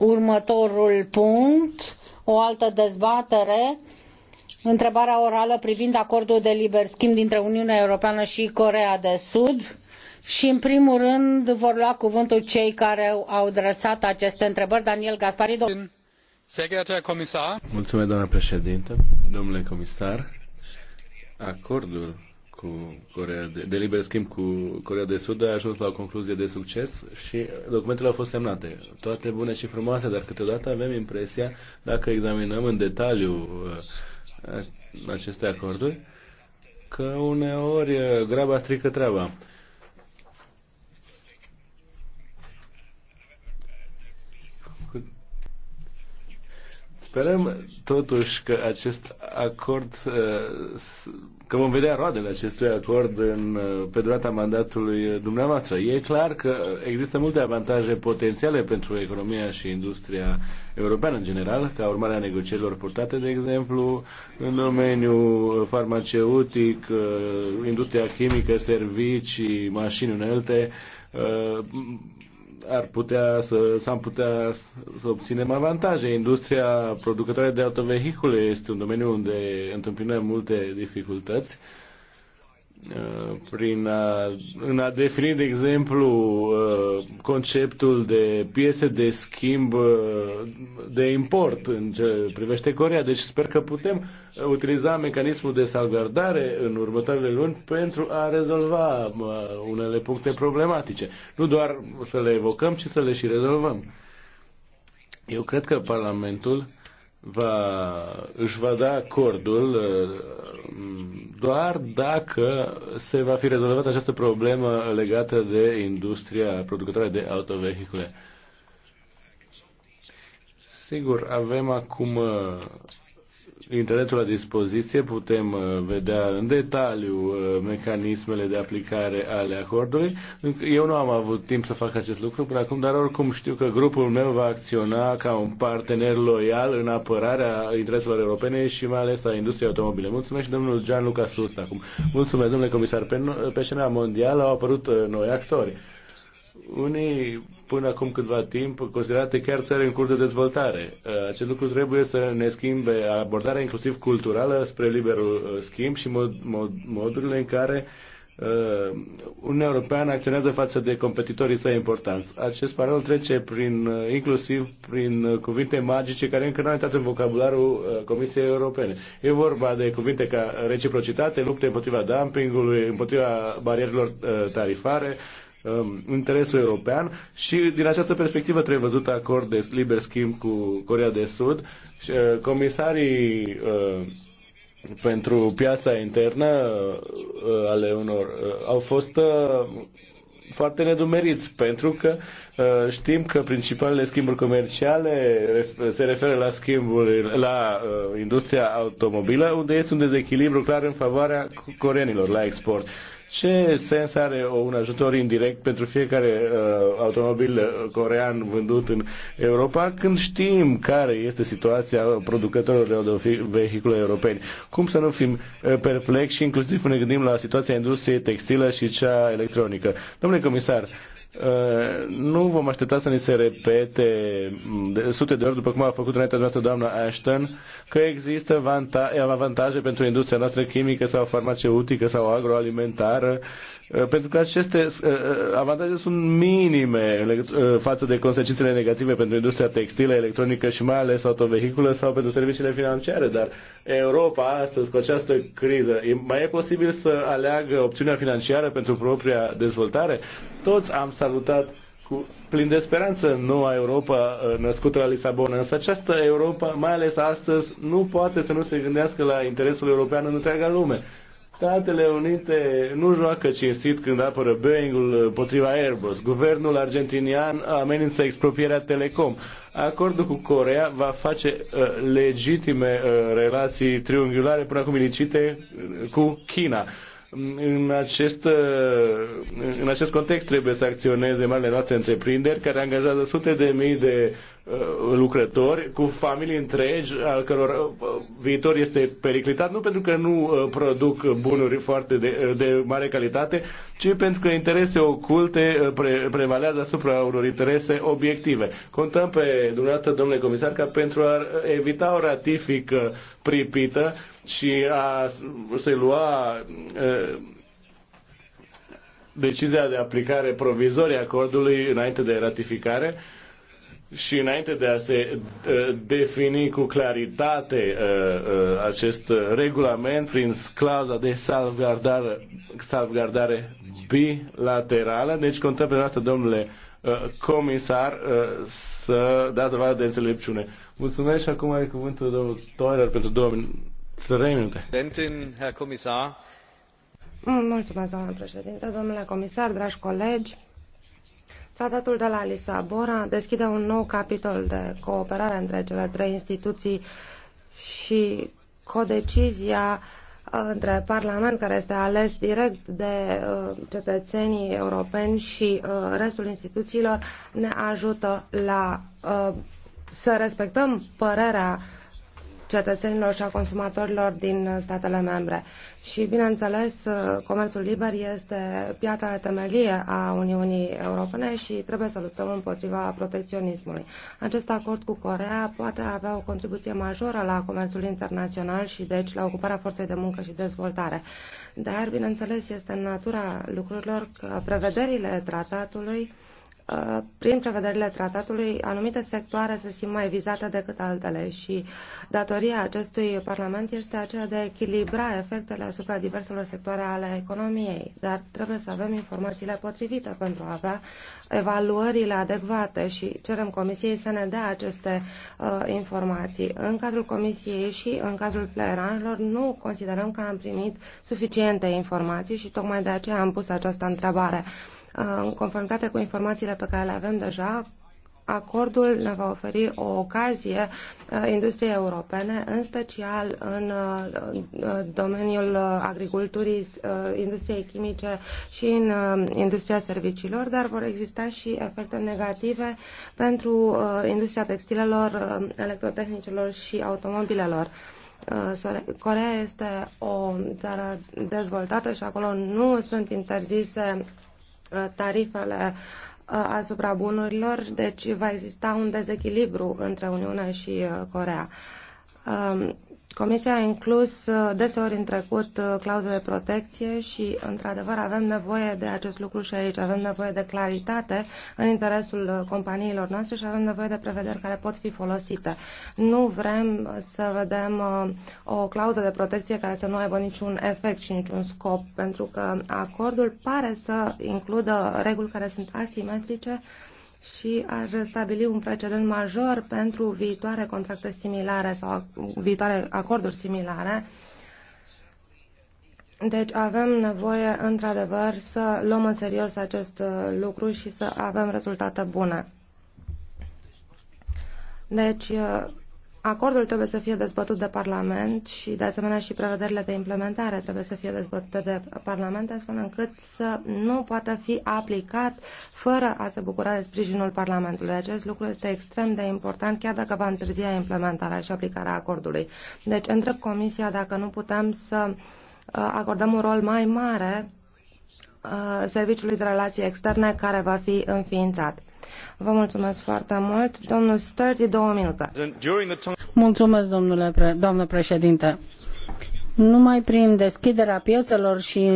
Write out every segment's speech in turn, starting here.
Următorul punct, o altă dezbatere, întrebarea orală privind acordul de liber schimb dintre Uniunea Europeană și Coreea de Sud. Și în primul rând vor lua cuvântul cei care au adresat aceste întrebări. Daniel Gaspari, domnul. Mulțumesc, doamnă președintă, domnule comisar. Acordul cu Corea de, de liber schimb cu Corea de Sud a ajuns la o concluzie de succes și documentele au fost semnate. Toate bune și frumoase, dar câteodată avem impresia, dacă examinăm în detaliu uh, aceste acorduri, că uneori uh, graba strică treaba. Sperăm totuși că acest acord, uh, că vom vedea roadele acestui acord în, uh, pe durata mandatului uh, dumneavoastră. E clar că există multe avantaje potențiale pentru economia și industria europeană în general, ca urmare a negocierilor purtate, de exemplu, în domeniul farmaceutic, industria chimică, servicii, mașini unelte, ar putea să, s-ar putea să obținem avantaje. Industria producătoare de autovehicule este un domeniu unde întâmpinăm multe dificultăți Uh, prin a, în a defini, de exemplu, uh, conceptul de piese de schimb uh, de import în ce privește Corea. Deci sper că putem utiliza mecanismul de salvardare în următoarele luni pentru a rezolva unele puncte problematice. Nu doar să le evocăm, ci să le și rezolvăm. Eu cred că Parlamentul va, își va da acordul uh, doar dacă se va fi rezolvată această problemă legată de industria producătoare de autovehicule. Sigur, avem acum uh, internetul la dispoziție, putem uh, vedea în detaliu uh, mecanismele de aplicare ale acordului. Eu nu am avut timp să fac acest lucru până acum, dar oricum știu că grupul meu va acționa ca un partener loial în apărarea intereselor europene și mai ales a industriei automobile. Mulțumesc și domnul Gianluca Sust acum. Mulțumesc, domnule comisar. Pe, pe scena mondială au apărut uh, noi actori unii până acum câtva timp considerate chiar țări în curs de dezvoltare. Uh, acest lucru trebuie să ne schimbe abordarea inclusiv culturală spre liberul uh, schimb și mod, mod, modurile în care uh, Uniunea Europeană acționează față de competitorii săi importanți. Acest parol trece prin, uh, inclusiv prin cuvinte magice care încă nu au intrat în vocabularul Comisiei Europene. E vorba de cuvinte ca reciprocitate, lupte împotriva dumpingului, împotriva barierelor tarifare, Um, interesul european și din această perspectivă trebuie văzut acord de liber schimb cu Corea de Sud. Și, uh, comisarii uh, pentru piața internă uh, ale unor au fost foarte nedumeriți pentru că știm că principalele schimburi comerciale se referă la schimburi la industria automobilă unde este un dezechilibru clar în favoarea coreanilor la export. Ce sens are un ajutor indirect pentru fiecare uh, automobil uh, corean vândut în Europa când știm care este situația producătorilor de vehicule europeni? Cum să nu fim uh, perplexi și inclusiv ne gândim la situația industriei textilă și cea electronică? Domnule comisar, nu vom aștepta să ni se repete de sute de ori, după cum a făcut înaintea noastră doamna Ashton, că există avantaje pentru industria noastră chimică sau farmaceutică sau agroalimentară Uh, pentru că aceste uh, uh, avantaje sunt minime față de consecințele negative pentru industria textilă, electronică și mai ales autovehiculă sau pentru serviciile financiare. Dar Europa astăzi, cu această criză, mai e posibil să aleagă opțiunea financiară pentru propria dezvoltare? Toți am salutat cu, plin de speranță noua Europa născută la Lisabona. Însă această Europa, mai ales astăzi, nu poate să nu se gândească la interesul european în întreaga lume. Statele Unite nu joacă cinstit când apără Boeing-ul uh, Airbus. Guvernul argentinian amenință expropierea Telecom. Acordul cu Corea va face uh, legitime uh, relații triunghiulare până acum ilicite uh, cu China. În acest, uh, în acest context trebuie să acționeze marile noastre întreprinderi care angajează sute de mii de Uh, lucrători cu familii întregi al căror uh, viitor este periclitat nu pentru că nu uh, produc bunuri foarte de, de mare calitate, ci pentru că interese oculte pre, prevalează asupra unor interese obiective. Contăm pe dumneavoastră, domnule comisar, ca pentru a evita o ratifică pripită și a se lua decizia de aplicare provizorie a acordului înainte de ratificare, uh, și înainte de a se uh, defini cu claritate uh, uh, acest regulament prin clauza de salvgardare, salvgardare bilaterală, deci contăm pe noastră, domnule comisar, să dați dovadă de înțelepciune. Mulțumesc și acum are cuvântul domnul Toiler pentru două trei minute. Mulțumesc, domnule președinte, domnule comisar, dragi colegi. Tratatul de la Lisabona deschide un nou capitol de cooperare între cele trei instituții și codecizia uh, între Parlament, care este ales direct de uh, cetățenii europeni și uh, restul instituțiilor, ne ajută la să respectăm părerea cetățenilor și a consumatorilor din statele membre. Și, bineînțeles, comerțul liber este piatra temelie a Uniunii Europene și trebuie să luptăm împotriva protecționismului. Acest acord cu Corea poate avea o contribuție majoră la comerțul internațional și, deci, la ocuparea forței de muncă și dezvoltare. Dar, bineînțeles, este în natura lucrurilor că prevederile tratatului Uh, prin prevederile tratatului, anumite sectoare se simt mai vizate decât altele și datoria acestui Parlament este aceea de a echilibra efectele asupra diverselor sectoare ale economiei, dar trebuie să avem informațiile potrivite pentru a avea evaluările adecvate și cerem Comisiei să ne dea aceste uh, informații. În cadrul Comisiei și în cadrul plenarilor nu considerăm că am primit suficiente informații și tocmai de aceea am pus această întrebare. Uh, în conformitate cu informațiile pe care le avem deja, acordul ne va oferi o ocazie uh, industriei europene, în special în uh, domeniul uh, agriculturii, industriei chimice și în industria serviciilor, dar vor exista și efecte negative pentru industria textilelor, electrotehnicelor și automobilelor. Corea este o țară dezvoltată și acolo nu sunt interzise Uh, tarifele uh, asupra bunurilor, deci va exista un dezechilibru între Uniunea și uh, Corea. Um, Comisia a inclus uh, deseori în trecut uh, clauze de protecție și, într-adevăr, avem nevoie de acest lucru și aici. Avem nevoie de claritate în interesul uh, companiilor noastre și avem nevoie de prevederi care pot fi folosite. Nu vrem să vedem o clauză de protecție care să nu aibă niciun efect și niciun scop, pentru că acordul pare să includă reguli care sunt asimetrice și ar stabili un precedent major pentru viitoare contracte similare sau viitoare acorduri similare. Deci avem nevoie, într-adevăr, să luăm în serios acest uh, lucru și să avem rezultate bune. Deci, uh, Acordul trebuie să fie dezbătut de Parlament și, de asemenea, și prevederile de implementare trebuie să fie dezbătute de Parlament, astfel încât să nu poată fi aplicat fără a se bucura de sprijinul Parlamentului. Acest lucru este extrem de important, chiar dacă va întârzia implementarea și aplicarea acordului. Deci, întreb Comisia dacă nu putem să uh, acordăm un rol mai mare uh, Serviciului de Relații Externe care va fi înființat. Vă mulțumesc foarte mult. Domnul Sturdy, două minute. Mulțumesc, domnule pre- doamnă președinte. Numai prin deschiderea piețelor și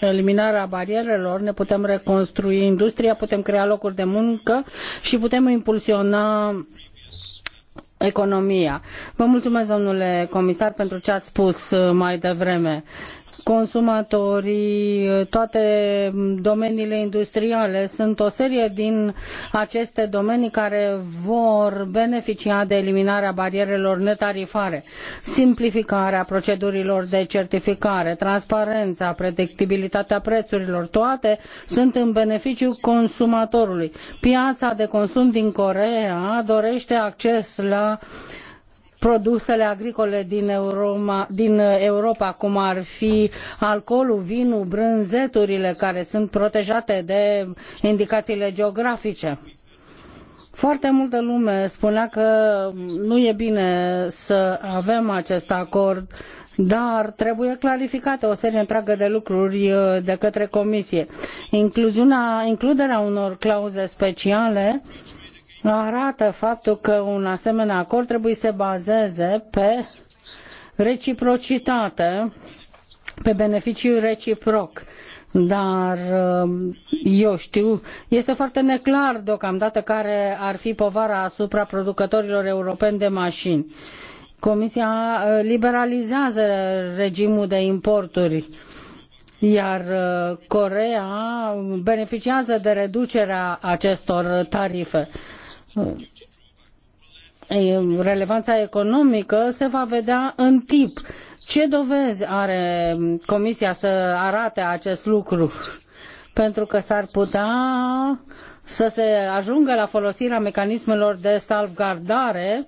eliminarea barierelor ne putem reconstrui industria, putem crea locuri de muncă și putem impulsiona economia. Vă mulțumesc, domnule comisar, pentru ce ați spus uh, mai devreme consumatorii, toate domeniile industriale. Sunt o serie din aceste domenii care vor beneficia de eliminarea barierelor netarifare, simplificarea procedurilor de certificare, transparența, predictibilitatea prețurilor, toate sunt în beneficiul consumatorului. Piața de consum din Coreea dorește acces la produsele agricole din Europa, din uh, Europa, cum ar fi alcoolul, vinul, brânzeturile, care sunt protejate de indicațiile geografice. Foarte multă lume spunea că nu e bine să avem acest acord, dar trebuie clarificate o serie întreagă de lucruri uh, de către Comisie. Incluziunea, includerea unor clauze speciale arată faptul că un asemenea acord trebuie să se bazeze pe reciprocitate, pe beneficiu reciproc. Dar uh, eu știu, este foarte neclar deocamdată care ar fi povara asupra producătorilor europeni de mașini. Comisia liberalizează regimul de importuri iar uh, Coreea beneficiază de reducerea acestor tarife. Uh, relevanța economică se va vedea în timp. Ce dovezi are Comisia să arate acest lucru? Pentru că s-ar putea să se ajungă la folosirea mecanismelor de salvgardare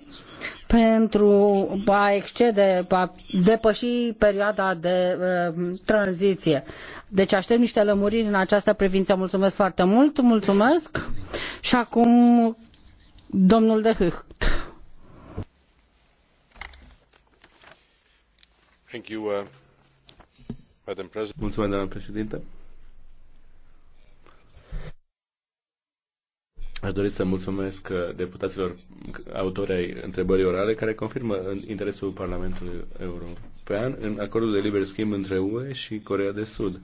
pentru a excede, a depăși perioada de uh, tranziție. Deci aștept niște lămuriri în această privință. Mulțumesc foarte mult, mulțumesc. Și acum domnul de Hucht. Thank you, uh, Mulțumesc, doamnă președinte. Aș dori să mulțumesc uh, deputaților autori ai întrebării orale care confirmă uh, interesul Parlamentului European în acordul de liber schimb între UE și Corea de Sud.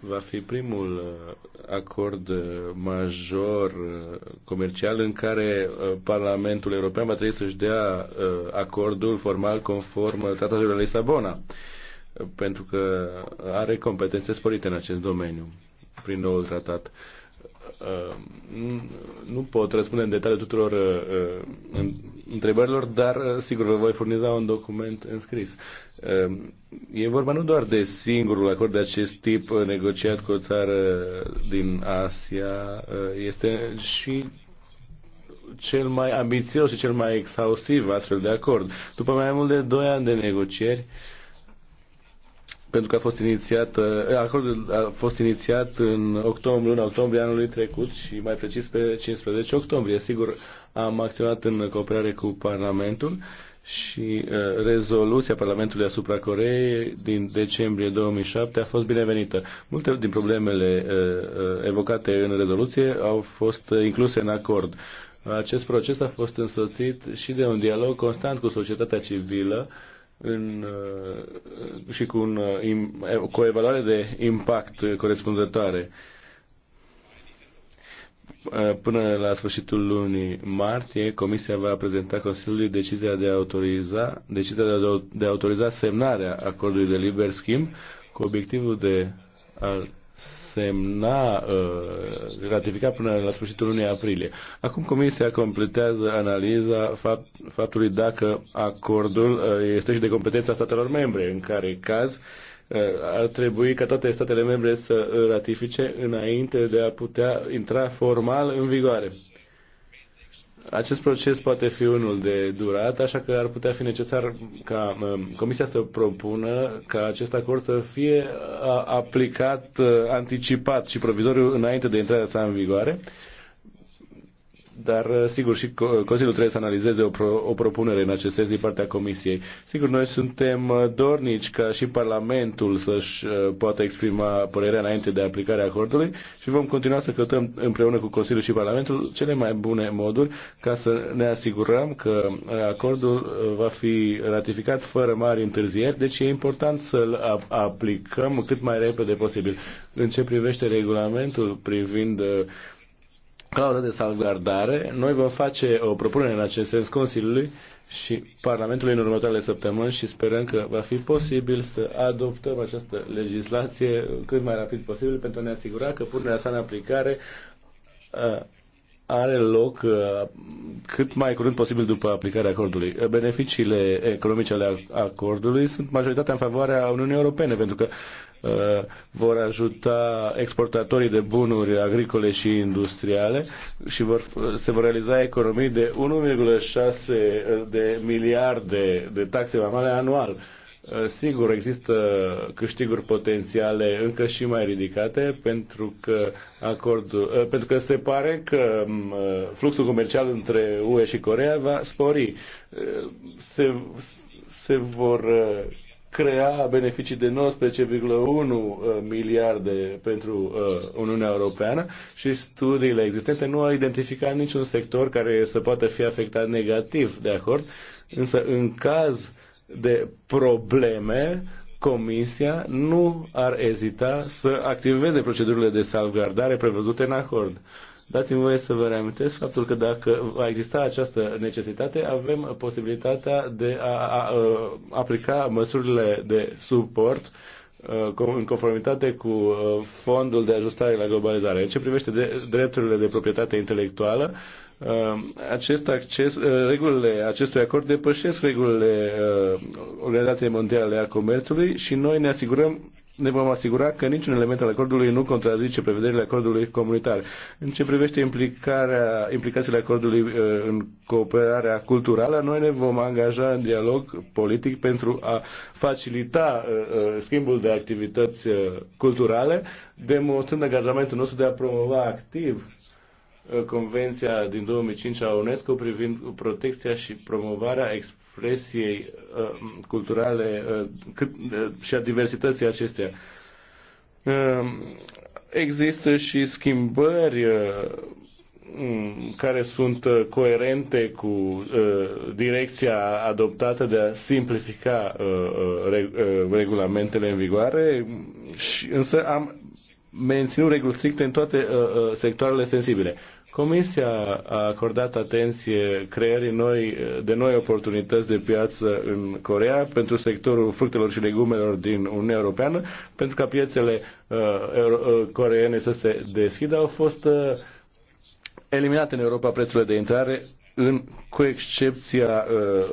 Va fi primul uh, acord major comercial în care Parlamentul European va trebui să-și dea acordul formal conform Tratatului de Lisabona, pentru că are competențe sporite în acest domeniu prin noul tratat. Uh, nu pot răspunde în detaliu tuturor uh, uh, întrebărilor, dar sigur vă voi furniza un document înscris. E vorba nu doar de singurul acord de acest tip negociat cu o țară din Asia, este și cel mai ambițios și cel mai exhaustiv astfel de acord. După mai mult de 2 ani de negocieri, uh, pentru că a fost inițiat, uh, acordul a fost inițiat în octombrie, în octombrie anului trecut și mai precis pe 15 octombrie. Sigur, am acționat în cooperare cu Parlamentul și uh, rezoluția Parlamentului asupra Coreei din decembrie 2007 a fost binevenită. Multe din problemele uh, uh, evocate în rezoluție au fost incluse în acord. Acest proces a fost însoțit și de un dialog constant cu societatea civilă uh, în, uh, și cu, un, uh, cu o evaluare de impact corespunzătoare. Uh, până la sfârșitul lunii martie, Comisia va prezenta Consiliului decizia de a autoriza, decizia de a, de a autoriza semnarea acordului de liber schimb cu obiectivul de a semna, uh, ratifica până la sfârșitul lunii aprilie. Acum Comisia completează analiza fapt, faptului dacă acordul uh, este și de competența statelor membre, în care caz uh, ar trebui ca toate statele membre să ratifice înainte de a putea intra formal în vigoare. Acest proces poate fi unul de durată, așa că ar putea fi necesar ca um, Comisia să propună ca acest acord să fie uh, aplicat uh, anticipat și provizoriu înainte de intrarea sa în vigoare dar, uh, sigur, și Consiliul trebuie să analizeze o, pro, o propunere în acest sens din partea Comisiei. Sigur, noi suntem uh, dornici ca și Parlamentul să-și uh, poată exprima părerea înainte de aplicarea acordului și vom continua să căutăm împreună cu Consiliul și Parlamentul cele mai bune moduri ca să ne asigurăm că acordul va fi ratificat fără mari întârzieri, deci e important să-l aplicăm cât mai repede posibil. În ce privește regulamentul privind clauză de salvgardare. Noi vom face o propunere în acest sens Consiliului și Parlamentului în următoarele săptămâni și sperăm că va fi posibil să adoptăm această legislație cât mai rapid posibil pentru a ne asigura că punerea sa în aplicare uh, are loc uh, cât mai curând posibil după aplicarea acordului. Uh, beneficiile economice ale acordului sunt majoritatea în favoarea Uniunii Europene, pentru că Uh, vor ajuta exportatorii de bunuri agricole și industriale și vor, uh, se vor realiza economii de 1,6 de miliarde de taxe vamale anual. Uh, sigur, există câștiguri potențiale încă și mai ridicate pentru că, acord pentru că se pare că um, fluxul comercial între UE și Corea va spori. Se, se vor crea beneficii de 19,1 eh, miliarde pentru uh, Uniunea Europeană și studiile existente nu au identificat niciun sector care să poată fi afectat negativ, de acord? Însă, în caz de probleme, Comisia nu ar ezita să activeze procedurile de salvgardare prevăzute în acord. Dați-mi voie să vă reamintesc faptul că dacă va exista această necesitate, avem posibilitatea de a, a, a uh, aplica măsurile de suport uh, în conformitate cu uh, fondul de ajustare la globalizare. În ce privește de, drepturile de proprietate intelectuală, acest acces, regulile acestui acord depășesc regulile Organizației Mondiale a Comerțului și noi ne asigurăm ne vom asigura că niciun element al acordului nu contrazice prevederile acordului comunitar. În ce privește implicarea, implicațiile acordului uh, în cooperarea culturală, noi ne vom angaja în dialog politic pentru a facilita uh, uh, schimbul de activități culturale, demonstrând angajamentul nostru de a promova activ Convenția din 2005 a UNESCO privind protecția și promovarea exp- expresiei uh, culturale uh, cât, uh, și a diversității acesteia. Um, există și schimbări care sunt coerente cu uh, direcția adoptată de a simplifica uh, reg uh, regulamentele în vigoare, și, însă am menținut reguli stricte în toate sectoarele sensibile. Comisia a acordat atenție creării noi, de noi oportunități de piață în Corea pentru sectorul fructelor și legumelor din Uniunea Europeană, pentru ca piețele uh, euro, uh, coreene să se deschidă. Au fost uh, eliminate în Europa prețurile de intrare, în, cu excepția uh,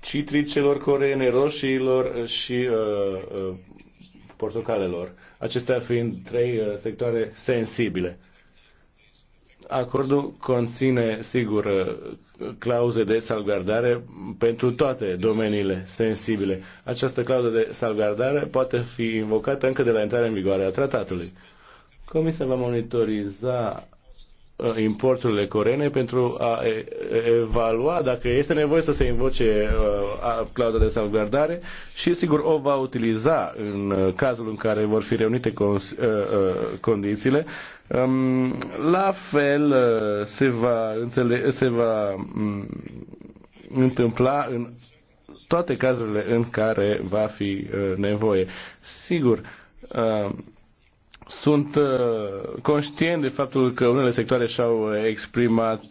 citricelor coreene, roșiilor și uh, uh, portocalelor, acestea fiind trei uh, sectoare sensibile. Acordul conține, sigur, clauze de salvgardare pentru toate domeniile sensibile. Această clauză de salvgardare poate fi invocată încă de la intrarea în vigoare a tratatului. Comisia va monitoriza uh, importurile corene pentru a evalua dacă este nevoie să se invoce uh, clauza de salvgardare și sigur o va utiliza în uh, cazul în care vor fi reunite condițiile la fel uh, se va, înțele- se va mm, întâmpla în toate cazurile în care va fi uh, nevoie. Sigur, uh, sunt conștient de faptul că unele sectoare și-au exprimat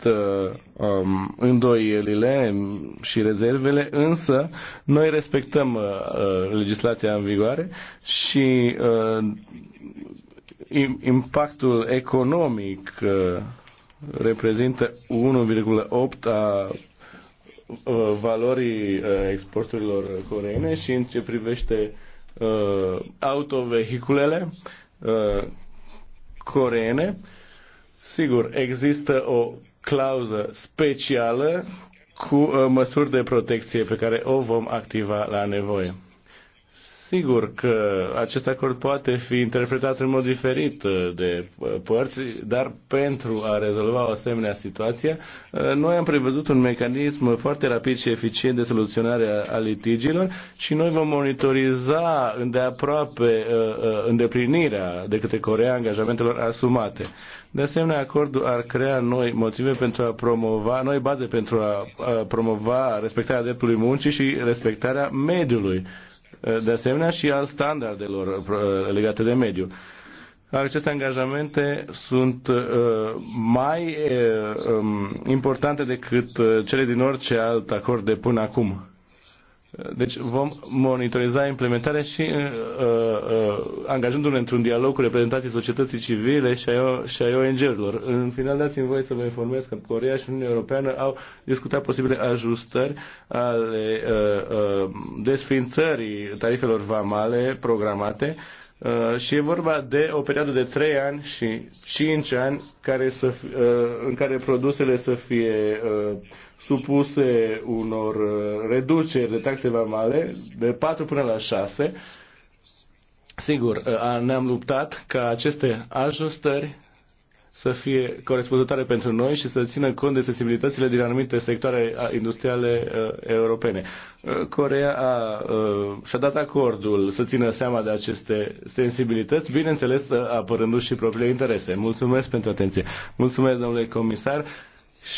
um, îndoielile și rezervele, însă noi respectăm uh, legislația în vigoare și uh, impactul economic uh, reprezintă 1,8 a uh, valorii uh, exporturilor coreene și în ce privește autovehiculele coreene, sigur, există o clauză specială cu măsuri de protecție pe care o vom activa la nevoie. Sigur că acest acord poate fi interpretat în mod diferit uh, de uh, părți, dar pentru a rezolva o asemenea situație, uh, noi am prevăzut un mecanism foarte rapid și eficient de soluționare a litigiilor și noi vom monitoriza îndeaproape îndeplinirea de către Corea angajamentelor asumate. De asemenea, acordul ar crea noi motive pentru a promova, noi baze pentru a promova respectarea dreptului muncii și respectarea mediului. Eh, de asemenea și al standardelor eh, legate de mediu. Aceste angajamente sunt eh, mai importante decât cele din orice alt acord de până acum. Deci vom monitoriza implementarea și uh, uh, angajându-ne într-un dialog cu reprezentanții societății civile și ai, ONG-urilor. În final, dați-mi voie să vă informez că Corea și Uniunea Europeană au discutat posibile ajustări ale uh, uh, desfințării tarifelor vamale programate uh, Uh, și e vorba de o perioadă de 3 ani și 5 ani care să, uh, în care produsele să fie uh, supuse unor reduceri de taxe vamale de 4 până la 6. Sigur, ne-am luptat ca aceste ajustări să fie corespunzătoare pentru noi și să țină cont de sensibilitățile din anumite sectoare industriale uh, europene. Uh, Corea a, uh, și-a dat acordul să țină seama de aceste sensibilități, bineînțeles apărându-și și propriile interese. Mulțumesc pentru atenție. Mulțumesc, domnule comisar.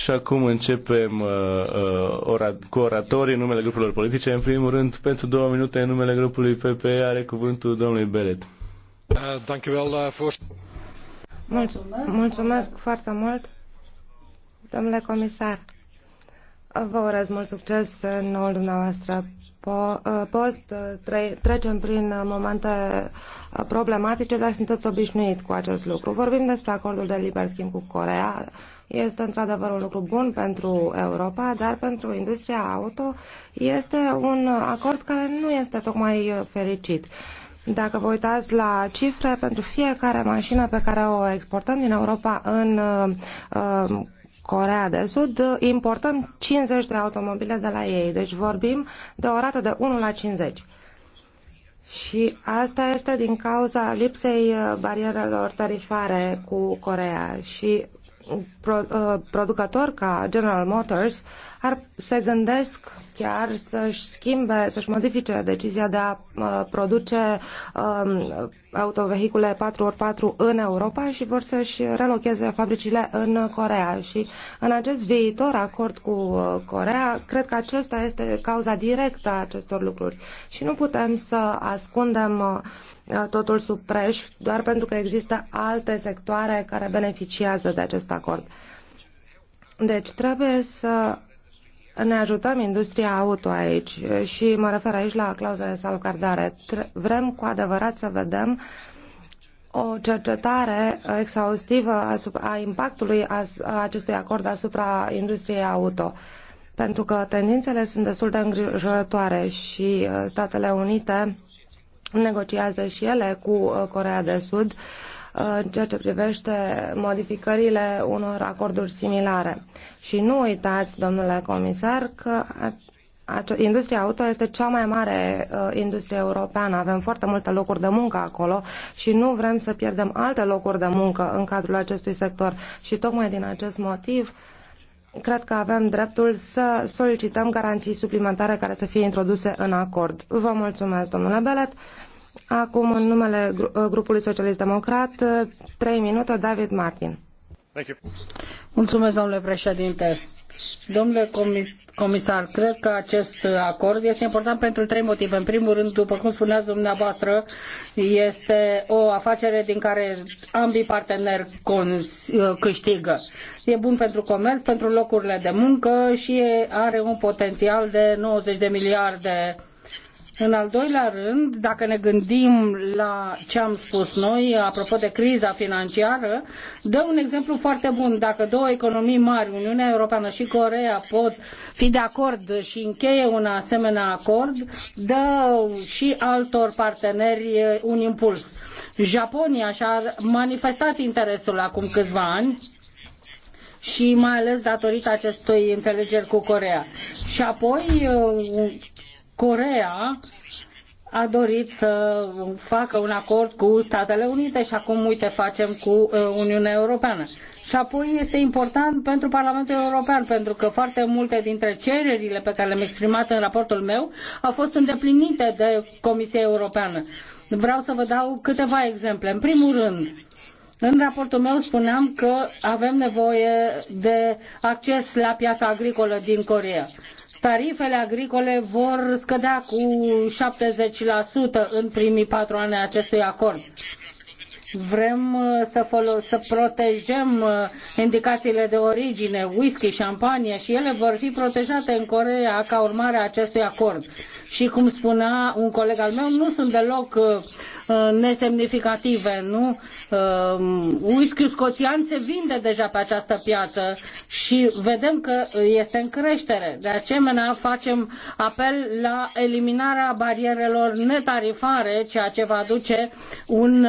Și acum începem uh, uh, ora, cu oratorii în numele grupurilor politice. În primul rând, pentru două minute, în numele grupului PP, are cuvântul domnului Beret. Uh, Mulțumesc. Mulțumesc foarte mult, domnule comisar. Vă urez mult succes în noul dumneavoastră ă, post. Trecem prin momente problematice, dar sunteți obișnuit cu acest lucru. Vorbim despre acordul de liber schimb cu Corea. Este într-adevăr un lucru bun pentru Europa, dar pentru industria auto este un acord care nu este tocmai fericit. Dacă vă uitați la cifre, pentru fiecare mașină pe care o exportăm din Europa în uh, Corea de Sud, importăm 50 de automobile de la ei. Deci vorbim de o rată de 1 la 50. Și asta este din cauza lipsei uh, barierelor tarifare cu Corea. Și pro, uh, producători ca General Motors ar se gândesc chiar să-și schimbe, să-și modifice decizia de a uh, produce um, autovehicule 4x4 în Europa și vor să-și relocheze fabricile în Corea. Și în acest viitor acord cu uh, Corea, cred că acesta este cauza directă a acestor lucruri. Și nu putem să ascundem uh, totul sub preș doar pentru că există alte sectoare care beneficiază de acest acord. Deci trebuie să ne ajutăm industria auto aici și mă refer aici la clauza de salvgardare. Vrem cu adevărat să vedem o cercetare exhaustivă a impactului acestui acord asupra industriei auto pentru că tendințele sunt destul de îngrijorătoare și uh, Statele Unite negociază și ele cu uh, Corea de Sud Uh, în ceea ce privește modificările unor acorduri similare. Și nu uitați, domnule comisar, că Industria auto este cea mai mare uh, industrie europeană. Avem foarte multe locuri de muncă acolo și nu vrem să pierdem alte locuri de muncă în cadrul acestui sector. Și tocmai din acest motiv cred că avem dreptul să solicităm garanții suplimentare care să fie introduse în acord. Vă mulțumesc, domnule Belet. Acum, în numele uh, grupului socialist-democrat, uh, trei minute, David Martin. Mulțumesc, domnule președinte. Domnule comisar, cred că acest acord este important pentru trei motive. În primul rând, după cum spuneați dumneavoastră, este o afacere din care ambii parteneri uh, câștigă. E bun pentru comerț, pentru locurile de muncă și are un potențial de 90 de miliarde de în al doilea rând, dacă ne gândim la ce am spus noi, apropo de criza financiară, dă un exemplu foarte bun. Dacă două economii mari, Uniunea Europeană și Coreea, pot fi de acord și încheie un asemenea acord, dă și altor parteneri un impuls. Japonia și-a manifestat interesul acum câțiva ani și mai ales datorită acestui înțelegeri cu Coreea. Și apoi Coreea a dorit să facă un acord cu Statele Unite și acum, uite, facem cu uh, Uniunea Europeană. Și apoi este important pentru Parlamentul European, pentru că foarte multe dintre cererile pe care le-am exprimat în raportul meu au fost îndeplinite de Comisia Europeană. Vreau să vă dau câteva exemple. În primul rând, în raportul meu spuneam că avem nevoie de acces la piața agricolă din Coreea. Tarifele agricole vor scădea cu 70% în primii patru ani acestui acord. Vrem uh, să, să protejăm uh, indicațiile de origine, whisky, șampanie și ele vor fi protejate în Coreea ca urmare a acestui acord și, cum spunea un coleg al meu, nu sunt deloc uh, uh, nesemnificative, nu? Uh, whisky-ul scoțian se vinde deja pe această piață și vedem că este în creștere. De asemenea, facem apel la eliminarea barierelor netarifare, ceea ce va aduce un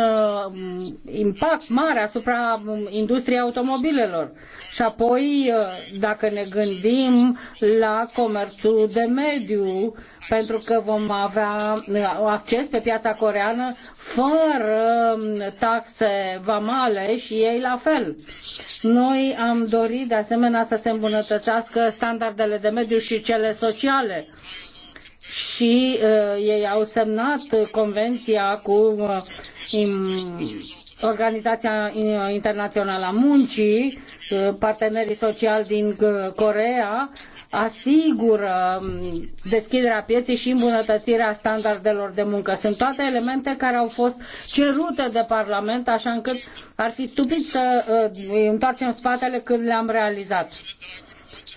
impact mare asupra um, industriei automobilelor. Și apoi, ă, dacă ne gândim la comerțul de mediu, pentru că vom avea ă, acces pe piața coreană fără ă, taxe vamale și ei la fel. Noi am dorit de asemenea să se îmbunătățească standardele de mediu și cele sociale și uh, ei au semnat convenția cu uh, Organizația Internațională a Muncii, uh, partenerii sociali din uh, Corea, asigură um, deschiderea pieței și îmbunătățirea standardelor de muncă. Sunt toate elemente care au fost cerute de Parlament, așa încât ar fi stupid să uh, întoarcem spatele când le-am realizat.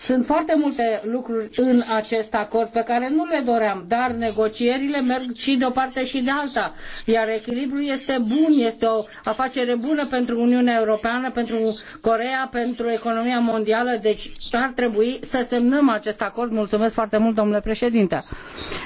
Sunt foarte multe lucruri în acest acord pe care nu le doream, dar negocierile merg și de o parte și de alta, iar echilibrul este bun, este o afacere bună pentru Uniunea Europeană, pentru Corea, pentru economia mondială, deci ar trebui să semnăm acest acord. Mulțumesc foarte mult, domnule președinte.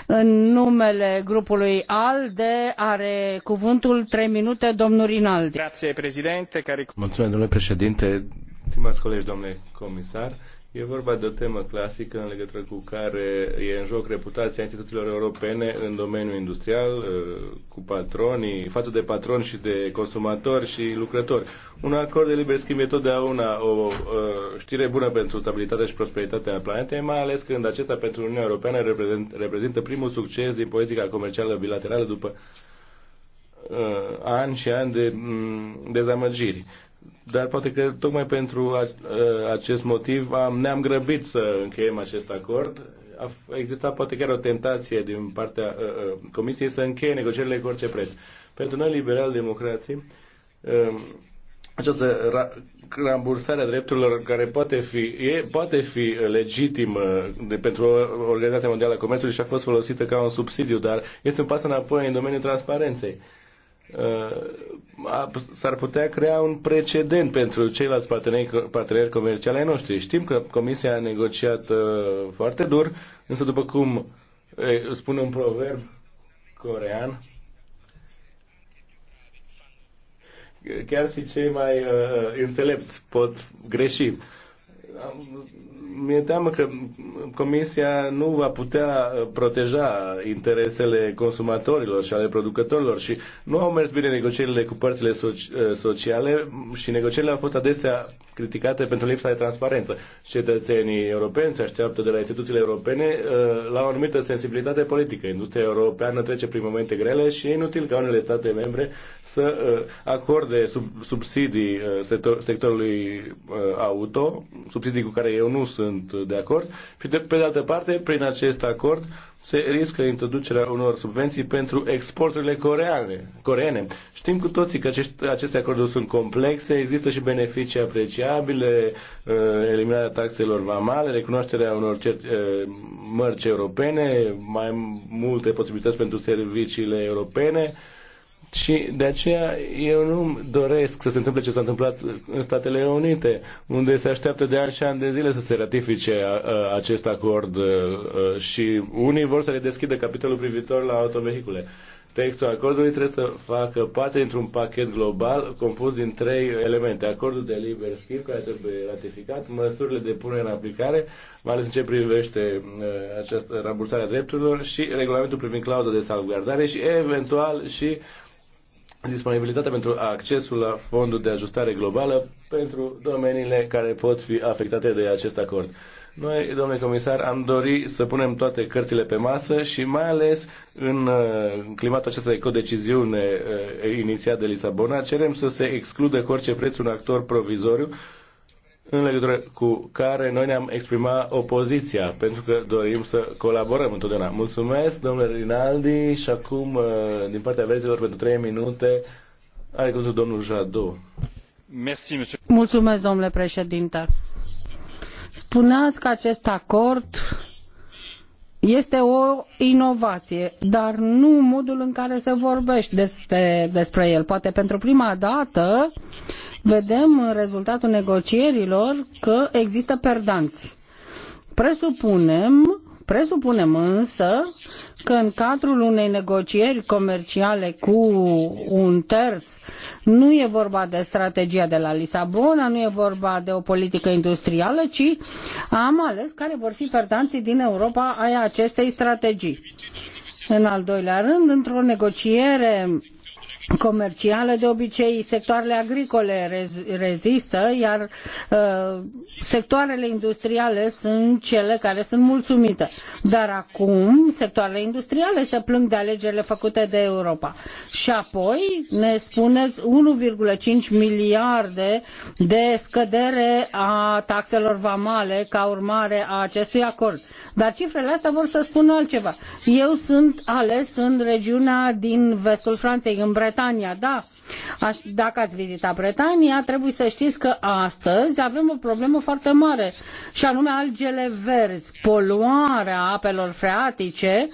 În numele grupului ALDE are cuvântul 3 minute domnul Rinaldi. Grazie, președinte. Care... Mulțumesc, domnule președinte. Stimați colegi, domnule comisar, E vorba de o temă clasică în legătură cu care e în joc reputația instituțiilor europene în domeniul industrial, uh, cu patronii, față de patroni și de consumatori și lucrători. Un acord de liber schimb e totdeauna o uh, știre bună pentru stabilitatea și prosperitatea planetei, mai ales când acesta pentru Uniunea Europeană reprezintă primul succes din politica comercială bilaterală după uh, ani și ani de mm, dezamăgiri dar poate că tocmai pentru a, acest motiv am, ne-am grăbit să încheiem acest acord. A existat poate chiar o tentație din partea a, a, Comisiei să încheie negocierile cu orice preț. Pentru noi, liberal-democrații, această rambursare a drepturilor care poate fi, e, poate fi legitimă de, pentru Organizația Mondială a Comerțului și a fost folosită ca un subsidiu, dar este un pas înapoi în domeniul transparenței. Uh, s-ar putea crea un precedent pentru ceilalți parteneri, parteneri comerciali ai noștri. Știm că Comisia a negociat uh, foarte dur, însă după cum spune un proverb corean, chiar și cei mai uh, înțelepți pot greși mi-e teamă că Comisia nu va putea uh, proteja interesele consumatorilor și ale producătorilor și nu au mers bine negocierile cu părțile uh, sociale și negocierile au fost adesea criticate pentru lipsa de transparență. Cetățenii europeni se așteaptă de la instituțiile europene uh, la o anumită sensibilitate politică. Industria europeană trece prin momente grele și e inutil ca unele state membre să uh, acorde sub, subsidii uh, sector, sectorului auto, subsidii cu care eu nu sunt de acord, și de, pe de altă parte, prin acest acord, se riscă introducerea unor subvenții pentru exporturile coreane. coreene. Știm cu toții că acești, aceste acorduri sunt complexe, există și beneficii apreciabile, uh, eliminarea taxelor vamale, recunoașterea unor cer- uh, mărci europene, mai multe posibilități pentru serviciile europene, și de aceea eu nu doresc să se întâmple ce s-a întâmplat în Statele Unite, unde se așteaptă de ani și ani de zile să se ratifice acest acord și unii vor să le deschidă capitolul privitor la autovehicule. Textul acordului trebuie să facă parte dintr-un pachet global compus din trei elemente. Acordul de liber schimb care trebuie ratificat, măsurile de punere în aplicare, mai ales în ce privește uh, această rambursare a drepturilor și regulamentul privind clauza de salvgardare și eventual și disponibilitatea pentru accesul la fondul de ajustare globală pentru domeniile care pot fi afectate de acest acord. Noi, domnule comisar, am dorit să punem toate cărțile pe masă și mai ales în uh, climatul acesta de codeciziune uh, inițiat de Lisabona, cerem să se excludă cu orice preț un actor provizoriu în legătură cu care noi ne-am exprimat opoziția, pentru că dorim să colaborăm întotdeauna. Mulțumesc, domnule Rinaldi, și acum, uh, din partea verzilor, pentru trei minute, are cuvântul domnul Jadot. Mulțumesc, domnule președinte. Spuneați că acest acord este o inovație, dar nu modul în care se vorbește despre, despre el. Poate pentru prima dată vedem în rezultatul negocierilor că există perdanți. Presupunem Presupunem însă că în cadrul unei negocieri comerciale cu un terț nu e vorba de strategia de la Lisabona, nu e vorba de o politică industrială, ci am ales care vor fi perdanții din Europa ai acestei strategii. În al doilea rând, într-o negociere comerciale, de obicei sectoarele agricole rezistă, iar uh, sectoarele industriale sunt cele care sunt mulțumite. Dar acum sectoarele industriale se plâng de alegerile făcute de Europa. Și apoi ne spuneți 1,5 miliarde de scădere a taxelor vamale ca urmare a acestui acord. Dar cifrele astea vor să spună altceva. Eu sunt ales în regiunea din vestul Franței, în Bretagne, Bretania. Da, aș, dacă ați vizitat Bretania, trebuie să știți că astăzi avem o problemă foarte mare și anume algele verzi, poluarea apelor freatice,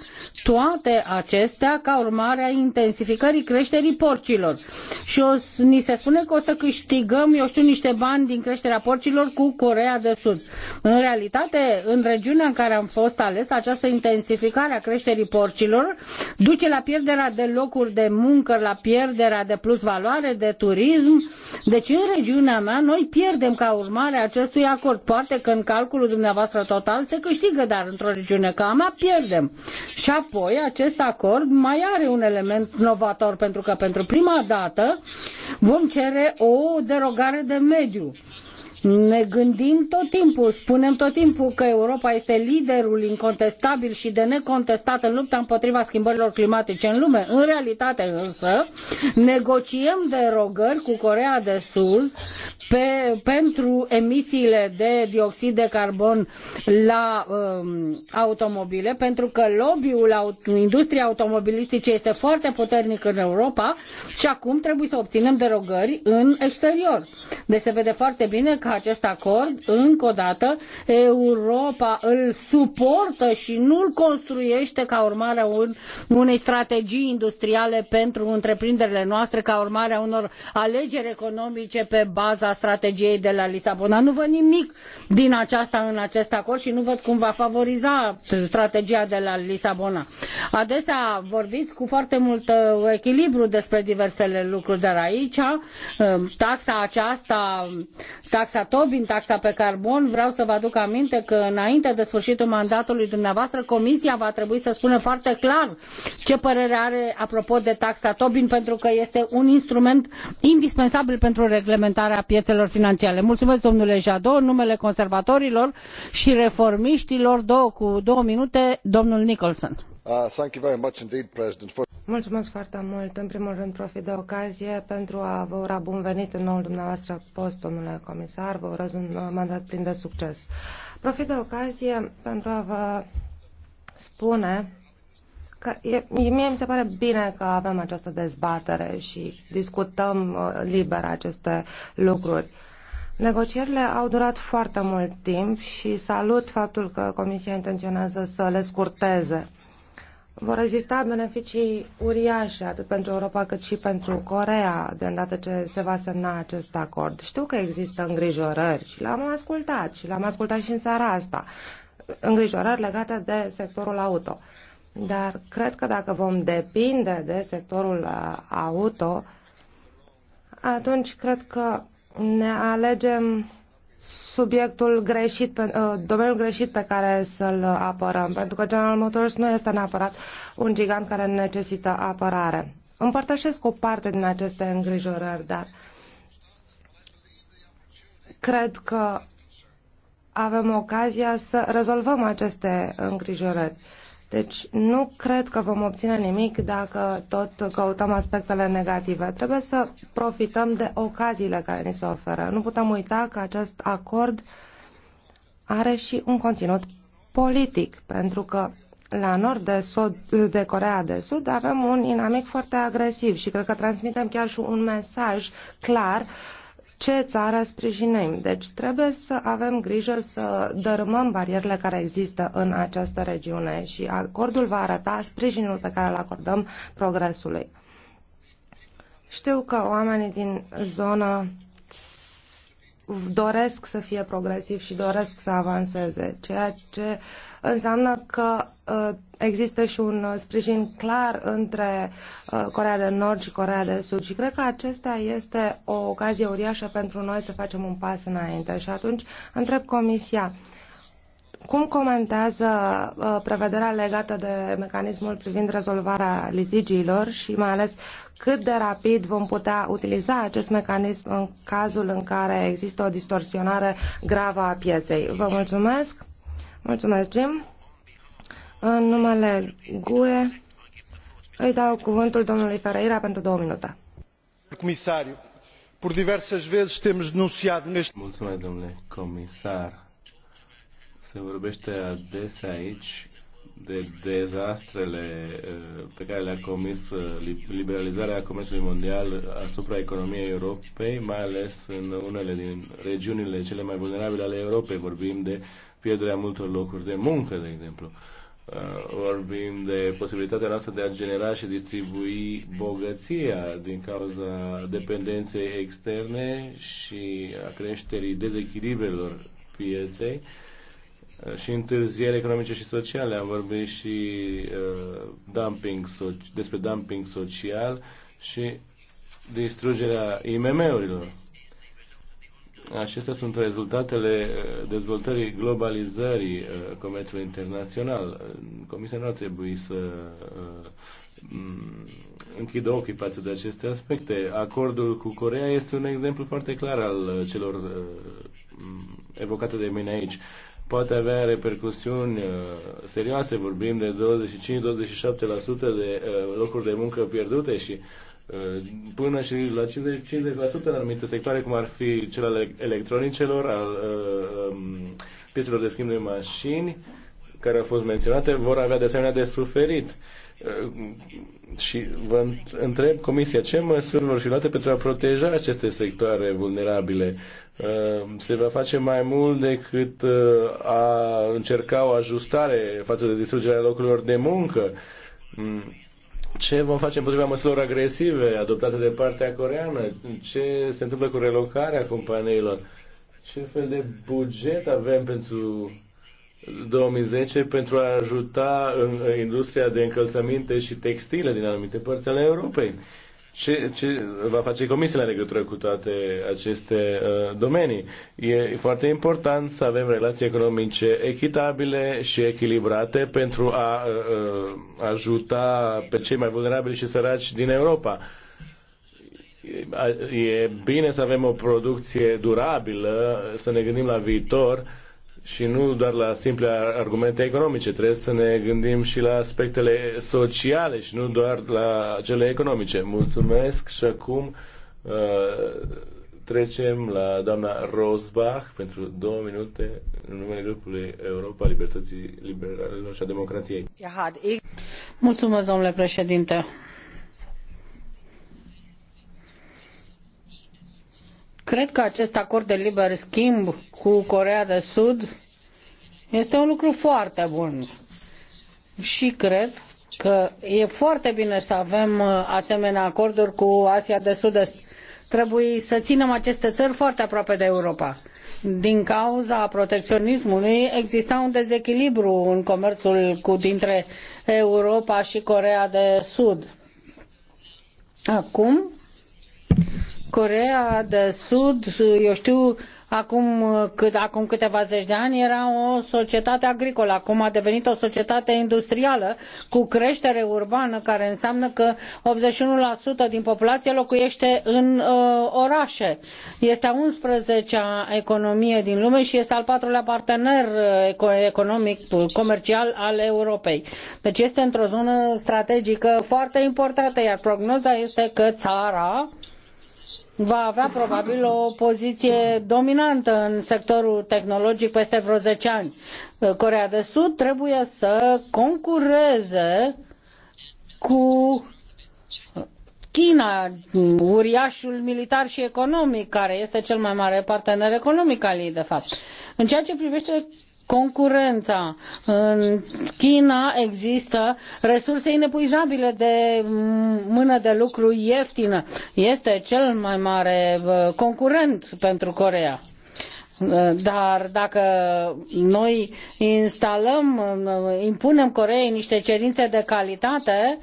toate acestea ca urmare a intensificării creșterii porcilor. Și o, ni se spune că o să câștigăm, eu știu, niște bani din creșterea porcilor cu Corea de Sud. În realitate, în regiunea în care am fost ales, această intensificare a creșterii porcilor duce la pierderea de locuri de muncă, la pierderea pierderea de plus valoare, de turism. Deci în regiunea mea noi pierdem ca urmare a acestui acord. Poate că în calculul dumneavoastră total se câștigă, dar într-o regiune ca a mea pierdem. Și apoi acest acord mai are un element novator pentru că pentru prima dată vom cere o derogare de mediu ne gândim tot timpul, spunem tot timpul că Europa este liderul incontestabil și de necontestat în lupta împotriva schimbărilor climatice în lume. În realitate însă negociem derogări cu Coreea de Sud pe, pentru emisiile de dioxid de carbon la um, automobile, pentru că lobby-ul aut- industriei automobilistice este foarte puternic în Europa și acum trebuie să obținem derogări în exterior. Deci se vede foarte bine că acest acord, încă o dată, Europa îl suportă și nu îl construiește ca urmare a unei strategii industriale pentru întreprinderile noastre, ca urmare a unor alegeri economice pe baza strategiei de la Lisabona. Nu văd nimic din aceasta în acest acord și nu văd cum va favoriza strategia de la Lisabona. Adesea vorbiți cu foarte mult uh, echilibru despre diversele lucruri, dar aici uh, taxa aceasta, taxa taxa Tobin, taxa pe carbon, vreau să vă aduc aminte că înainte de sfârșitul mandatului dumneavoastră, Comisia va trebui să spună foarte clar ce părere are apropo de taxa Tobin, pentru că este un instrument indispensabil pentru reglementarea piețelor financiare. Mulțumesc, domnule Jadot, în numele conservatorilor și reformiștilor, două, cu două minute, domnul Nicholson Uh, Mulțumesc foarte mult. În primul rând, profit de ocazie pentru a vă ura bun venit în noul dumneavoastră post, domnule comisar. Vă urez un uh, mandat plin de succes. Profit de ocazie pentru a vă spune că e, mie mi se pare bine că avem această dezbatere și discutăm uh, liber aceste lucruri. Negocierile au durat foarte mult timp și salut faptul că Comisia intenționează să le scurteze vor exista beneficii uriașe atât pentru Europa cât și pentru Corea de îndată ce se va semna acest acord. Știu că există îngrijorări și l-am ascultat și l-am ascultat și în seara asta. Îngrijorări legate de sectorul auto. Dar cred că dacă vom depinde de sectorul uh, auto, atunci cred că ne alegem subiectul greșit, uh, domeniul greșit pe care să-l apărăm, pentru că General Motors nu este neapărat un gigant care necesită apărare. Împărtășesc o parte din aceste îngrijorări, dar cred că avem ocazia să rezolvăm aceste îngrijorări. Deci nu cred că vom obține nimic dacă tot căutăm aspectele negative. Trebuie să profităm de ocaziile care ni se oferă. Nu putem uita că acest acord are și un conținut politic, pentru că la nord de, Sud, de Corea de Sud avem un inamic foarte agresiv și cred că transmitem chiar și un mesaj clar uh, ce țară sprijinim. Deci trebuie să avem grijă să dărâmăm barierele care există în această regiune și acordul va arăta sprijinul pe care îl acordăm progresului. Știu că oamenii din zonă doresc să fie progresivi și doresc să avanseze, ceea ce înseamnă că uh, există și un uh, sprijin clar între uh, Corea de Nord și Corea de Sud și cred că acesta este o ocazie uriașă pentru noi să facem un pas înainte. Și atunci întreb Comisia, cum comentează prevederea legată de mecanismul privind rezolvarea litigiilor și mai ales cât de rapid vom putea utiliza acest mecanism în cazul în care există o distorsionare gravă a pieței? Vă mulțumesc! Mulțumesc, Jim. În numele GUE îi dau cuvântul domnului Ferreira pentru două minute. Comisariu, por diversas vezes temos denunciado neste... Mulțumesc, domnule comisar. Se vorbește adesea aici de dezastrele eh, pe care le-a comis eh, liberalizarea comerțului mondial asupra economiei Europei, mai ales în unele din regiunile cele mai vulnerabile ale Europei. Vorbim de pierderea multor locuri de muncă, de exemplu. Uh, vorbim de posibilitatea noastră de a genera și distribui bogăția din cauza dependenței externe și a creșterii dezechilibrelor pieței uh, și întârzieri economice și sociale. Am vorbit și uh, dumping so- despre dumping social și distrugerea IMM-urilor. Acestea sunt rezultatele uh, dezvoltării globalizării uh, comerțului internațional. Comisia nu ar trebui să uh, închidă ochii față de aceste aspecte. Acordul cu Corea este un exemplu foarte clar al celor evocate de mine aici. Poate avea repercusiuni serioase, vorbim de 25-27% de locuri de muncă pierdute și uh, Eh, până și la 50, 50% în anumite sectoare, cum ar fi cel al electronicelor, al eh, um, pieselor de schimb de mașini, care au fost menționate, vor avea de asemenea de suferit. Eh, și vă întreb Comisia, ce măsuri vor fi luate pentru a proteja aceste sectoare vulnerabile? Se va face mai mult decât a încerca o ajustare față de distrugerea locurilor de muncă? Mm. Ce vom face împotriva măsurilor agresive adoptate de partea coreană? Ce se întâmplă cu relocarea companiilor? Ce fel de buget avem pentru 2010 pentru a ajuta în industria de încălțăminte și textile din anumite părți ale Europei? ce, ce va face Comisia în legătură cu toate aceste uh, domenii. E foarte important să avem relații economice echitabile și echilibrate pentru a uh, uh ajuta pe cei mai vulnerabili și săraci din Europa e bine să avem o producție durabilă, să ne gândim la viitor și nu doar la simple argumente economice, trebuie să ne gândim și la aspectele sociale și nu doar la cele economice. Mulțumesc și acum uh, trecem la doamna Rosbach pentru două minute în numele grupului Europa Libertății Liberalilor și a Democrației. Mulțumesc, domnule președinte. Cred că acest acord de liber schimb cu Corea de Sud este un lucru foarte bun. Și cred că e foarte bine să avem uh, asemenea acorduri cu Asia de Sud-Est. Trebuie să ținem aceste țări foarte aproape de Europa. Din cauza protecționismului exista un dezechilibru în comerțul cu dintre Europa și Corea de Sud. Acum Corea de Sud, eu știu, acum, cât, acum câteva zeci de ani era o societate agricolă, acum a devenit o societate industrială cu creștere urbană, care înseamnă că 81% din populație locuiește în uh, orașe. Este a 11-a economie din lume și este al patrulea partener uh, economic, comercial al Europei. Deci este într-o zonă strategică foarte importantă, iar prognoza este că țara va avea probabil o poziție dominantă în sectorul tehnologic peste vreo zece ani. Coreea de Sud trebuie să concureze cu China, uriașul militar și economic, care este cel mai mare partener economic al ei, de fapt. În ceea ce privește concurența. În China există resurse inepuizabile de mână de lucru ieftină. Este cel mai mare uh, concurent pentru Corea. Uh, dar dacă noi instalăm, uh, impunem Coreei niște cerințe de calitate,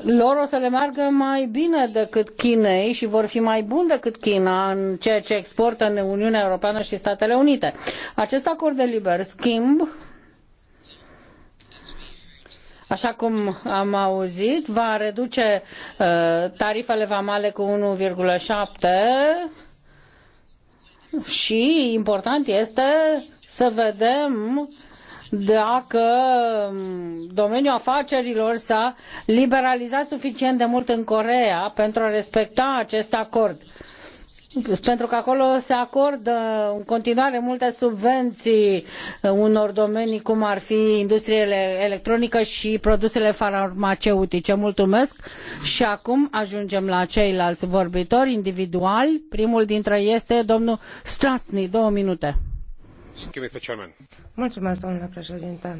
lor o să le meargă mai bine decât Chinei și vor fi mai buni decât China în ceea ce exportă în Uniunea Europeană și Statele Unite. Acest acord de liber schimb Așa cum am auzit, va reduce uh, tarifele vamale cu 1,7 și important este să vedem uh, dacă domeniul afacerilor s-a liberalizat suficient de mult în Corea pentru a respecta acest acord pentru că acolo se acordă în continuare multe subvenții unor domenii cum ar fi industria electronică și produsele farmaceutice. Mulțumesc și acum ajungem la ceilalți vorbitori individuali. Primul dintre ei este domnul Strasny, două minute. Mulțumesc, domnule președinte.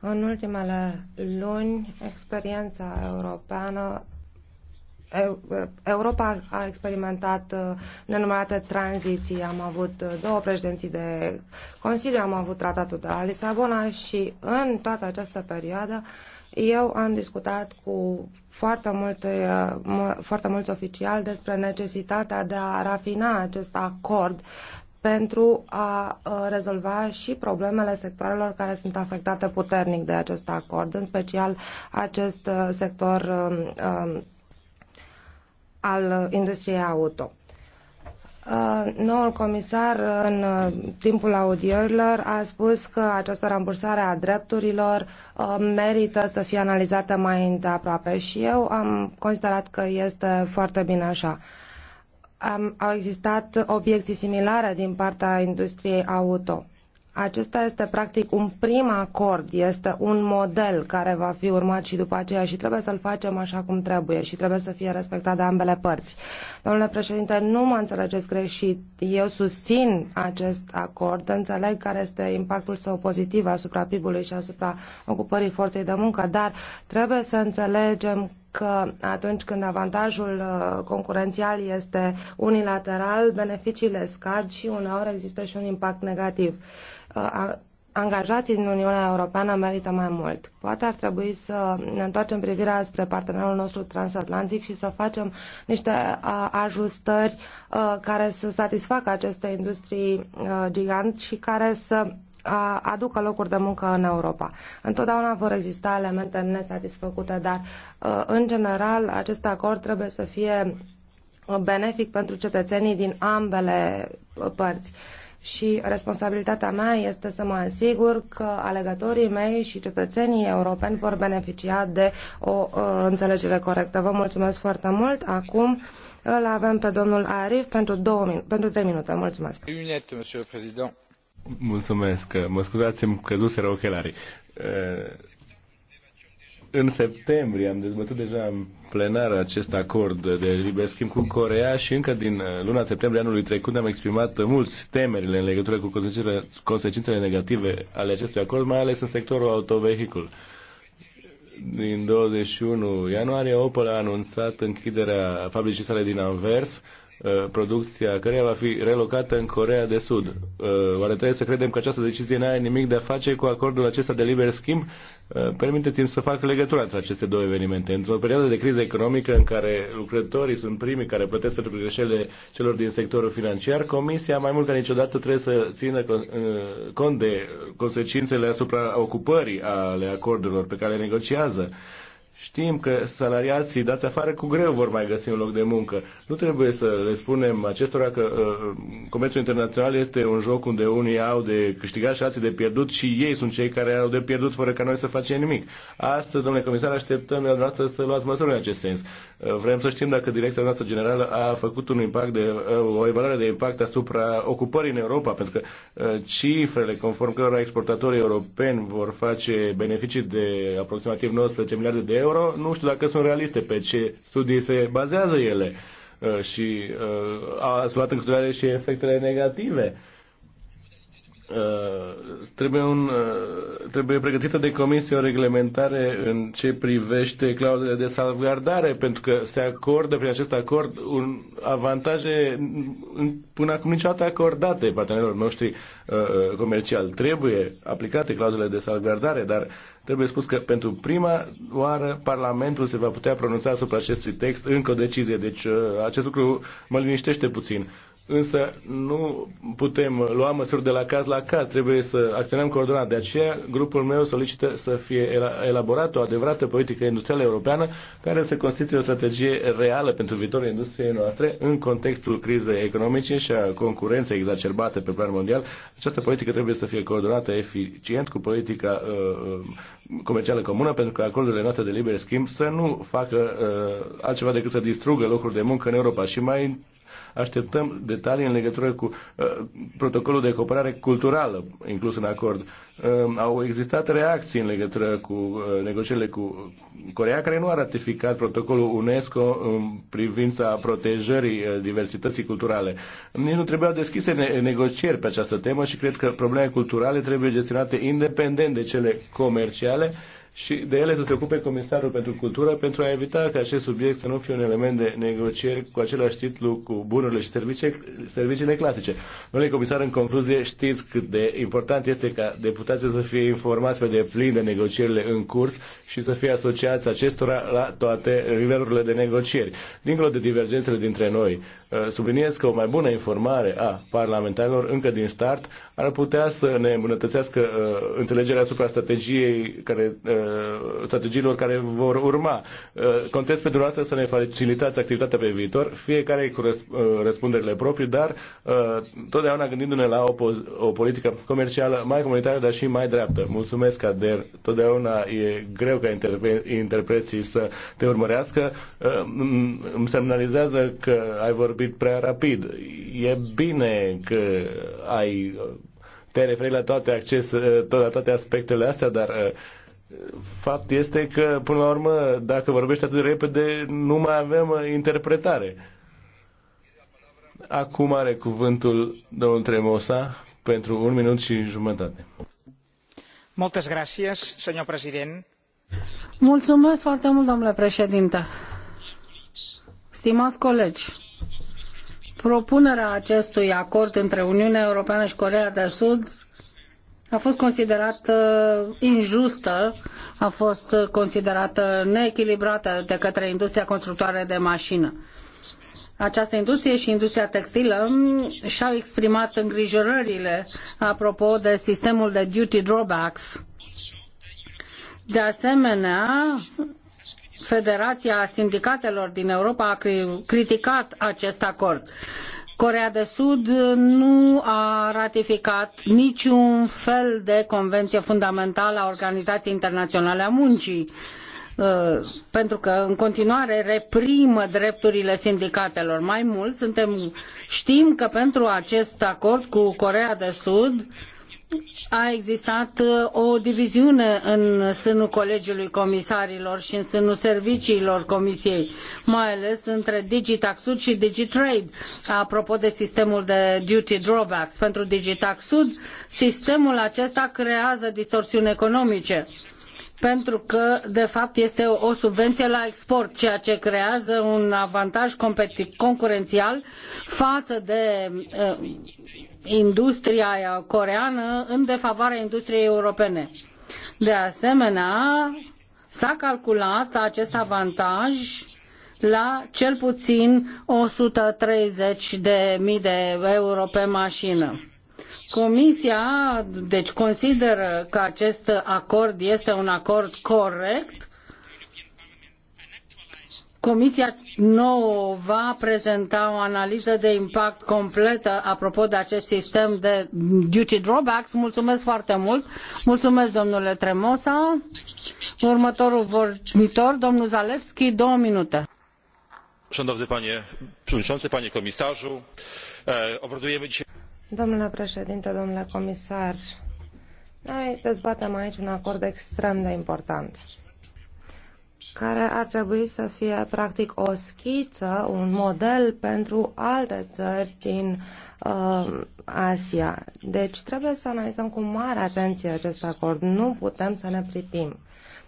În ultimele luni, experiența europeană Europa a experimentat uh, nenumărate tranziții. Am avut uh, două președinții de Consiliu, am avut tratatul de la Lisabona și în toată această perioadă eu am discutat cu foarte, multe, uh, foarte mulți oficiali despre necesitatea de a rafina acest acord pentru a uh, rezolva și problemele sectoarelor care sunt afectate puternic de acest acord, în special acest uh, sector um, um, al industriei auto. Uh, noul comisar în timpul audierilor a spus că această rambursare a drepturilor merită să fie analizată mai îndeaproape și eu am considerat că este foarte bine așa au existat obiecții similare din partea industriei auto. Acesta este practic un prim acord, este un model care va fi urmat și după aceea și trebuie să-l facem așa cum trebuie și trebuie să fie respectat de ambele părți. Domnule președinte, nu mă înțelegeți greșit. Eu susțin acest acord, înțeleg care este impactul său pozitiv asupra PIB-ului și asupra ocupării forței de muncă, dar trebuie să înțelegem că atunci când avantajul uh, concurențial este unilateral, beneficiile scad și uneori există și un impact negativ. Uh, angajații din Uniunea Europeană merită mai mult. Poate ar trebui să ne întoarcem privirea spre partenerul nostru transatlantic și să facem niște ajustări care să satisfacă aceste industrii gigant și care să aducă locuri de muncă în Europa. Întotdeauna vor exista elemente nesatisfăcute, dar în general acest acord trebuie să fie benefic pentru cetățenii din ambele părți și responsabilitatea mea este să mă asigur că alegătorii mei și cetățenii europeni vor beneficia de o uh, înțelegere corectă. Vă mulțumesc foarte mult. Acum îl avem pe domnul Arif pentru, două min- pentru trei minute. Mulțumesc. Mulțumesc. Mă scuzați, îmi căzuseră ochelarii. Uh, în septembrie am dezbătut deja în plenar acest acord de liber schimb cu Corea și încă din uh, luna septembrie anului trecut am exprimat mulți temerile în legătură cu consecințele, consecințele negative ale acestui acord, mai ales în sectorul autovehicul. Din 21 ianuarie, Opel a anunțat închiderea fabricii sale din Anvers Uh, producția căreia va fi relocată în Corea de Sud. Uh, oare trebuie să credem că această decizie nu are nimic de a face cu acordul acesta de liber schimb? Uh, permiteți-mi să fac legătura între aceste două evenimente. Într-o perioadă de criză economică în care lucrătorii sunt primii care plătesc pentru greșelile celor din sectorul financiar, Comisia mai mult ca niciodată trebuie să țină cont de consecințele asupra ocupării ale acordurilor pe care le negociază. Știm că salariații dați afară cu greu vor mai găsi un loc de muncă. Nu trebuie să le spunem acestora că uh, comerțul internațional este un joc unde unii au de câștigat și alții de pierdut și ei sunt cei care au de pierdut fără ca noi să facem nimic. Astăzi, domnule comisar, așteptăm noastră să luați măsuri în acest sens. Uh, vrem să știm dacă direcția noastră generală a făcut un impact de, uh, o evaluare de impact asupra ocupării în Europa, pentru că uh, cifrele conform cărora exportatorii europeni vor face beneficii de aproximativ 19 miliarde de euro, euro, nu știu dacă sunt realiste, pe ce studii se bazează ele uh, și uh, a luat în considerare și efectele negative Uh, trebuie, un, uh, trebuie pregătită de comisie o reglementare în ce privește clauzele de salvgardare, pentru că se acordă prin acest acord un avantaje până acum niciodată acordate partenerilor noștri uh, uh, comerciali. Trebuie aplicate clauzele de salvgardare, dar trebuie spus că pentru prima oară Parlamentul se va putea pronunța asupra acestui text încă o decizie, deci uh, acest lucru mă liniștește puțin. Însă nu putem lua măsuri de la caz la caz, trebuie să acționăm coordonat. De aceea, grupul meu solicită să fie elaborată o adevărată politică industrială europeană care să constituie o strategie reală pentru viitorul industriei noastre în contextul crizei economice și a concurenței exacerbate pe plan mondial. Această politică trebuie să fie coordonată eficient cu politica uh, uh comercială comună pentru că acordurile noastre de liber schimb să nu facă uh, altceva decât să distrugă locuri de muncă în Europa și mai Așteptăm detalii în legătură cu uh, protocolul de cooperare culturală inclus în acord. Uh, au existat reacții în legătură cu uh, negocierile cu Corea, care nu a ratificat protocolul UNESCO în privința protejării uh, diversității culturale. Nici nu trebuiau deschise ne- negocieri pe această temă și cred că problemele culturale trebuie gestionate independent de cele comerciale și de ele să se ocupe Comisarul pentru Cultură pentru a evita ca acest subiect să nu fie un element de negocieri cu același titlu cu bunurile și servicii, serviciile clasice. Domnule comisar, în concluzie, știți cât de important este ca deputații să fie informați pe deplin de negocierile în curs și să fie asociați acestora la toate nivelurile de negocieri. Dincolo de divergențele dintre noi, uh, subliniez că o mai bună informare a parlamentarilor încă din start ar putea să ne îmbunătățească uh, înțelegerea asupra strategiei care uh, Uh, strategiilor care vor urma. Uh, contez pe dumneavoastră să ne facilitați activitatea pe viitor, fiecare cu uh, răspunderile proprii, dar totdeauna gândindu-ne la o, o politică comercială mai comunitară, dar și mai dreaptă. Mulțumesc, Ader. Totdeauna e greu ca interpreții să te urmărească. Îmi semnalizează că ai vorbit prea rapid. E bine că ai te referi la toate, acces, la toate aspectele astea, dar fapt este că, până la urmă, dacă vorbești atât de repede, nu mai avem uh, interpretare. Acum are cuvântul domnul Tremosa pentru un minut și jumătate. Moltes gracias, señor president. Mulțumesc foarte mult, domnule președinte. Stimați colegi, propunerea acestui acord între Uniunea Europeană și Coreea de Sud a fost considerată uh, injustă, a fost uh, considerată neechilibrată de către industria constructoare de mașină. Această industrie și industria textilă um, și-au exprimat îngrijorările apropo de sistemul de duty drawbacks. De asemenea, Federația Sindicatelor din Europa a criticat acest acord. Coreea de Sud nu a ratificat niciun fel de convenție fundamentală a Organizației Internaționale a Muncii uh, pentru că în continuare reprimă drepturile sindicatelor. Mai mult suntem, știm că pentru acest acord cu Coreea de Sud a existat uh, o diviziune în sânul Colegiului Comisarilor și în sânul serviciilor Comisiei, mai ales între DigiTax-Sud și DigiTrade, apropo de sistemul de duty drawbacks. Pentru DigiTax-Sud, sistemul acesta creează distorsiuni economice pentru că, de fapt, este o subvenție la export, ceea ce creează un avantaj concurențial față de uh, industria coreeană în defavoarea industriei europene. De asemenea, s-a calculat acest avantaj la cel puțin 130.000 de mii de euro pe mașină. Comisia, deci, consideră că acest acord este un acord corect. Comisia nouă va prezenta o analiză de impact completă apropo de acest sistem de duty drawbacks. Mulțumesc foarte mult. Mulțumesc, domnule Tremosa. Următorul vorbitor, domnul Zalewski, două minute. Szanowny panie przewodniczący, panie komisarzu, obradujemy dzisiaj Domnule președinte, domnule comisar, noi dezbatem aici un acord extrem de important care ar trebui să fie practic o schiță, un model pentru alte țări din uh, Asia. Deci trebuie să analizăm cu mare atenție acest acord. Nu putem să ne pripim.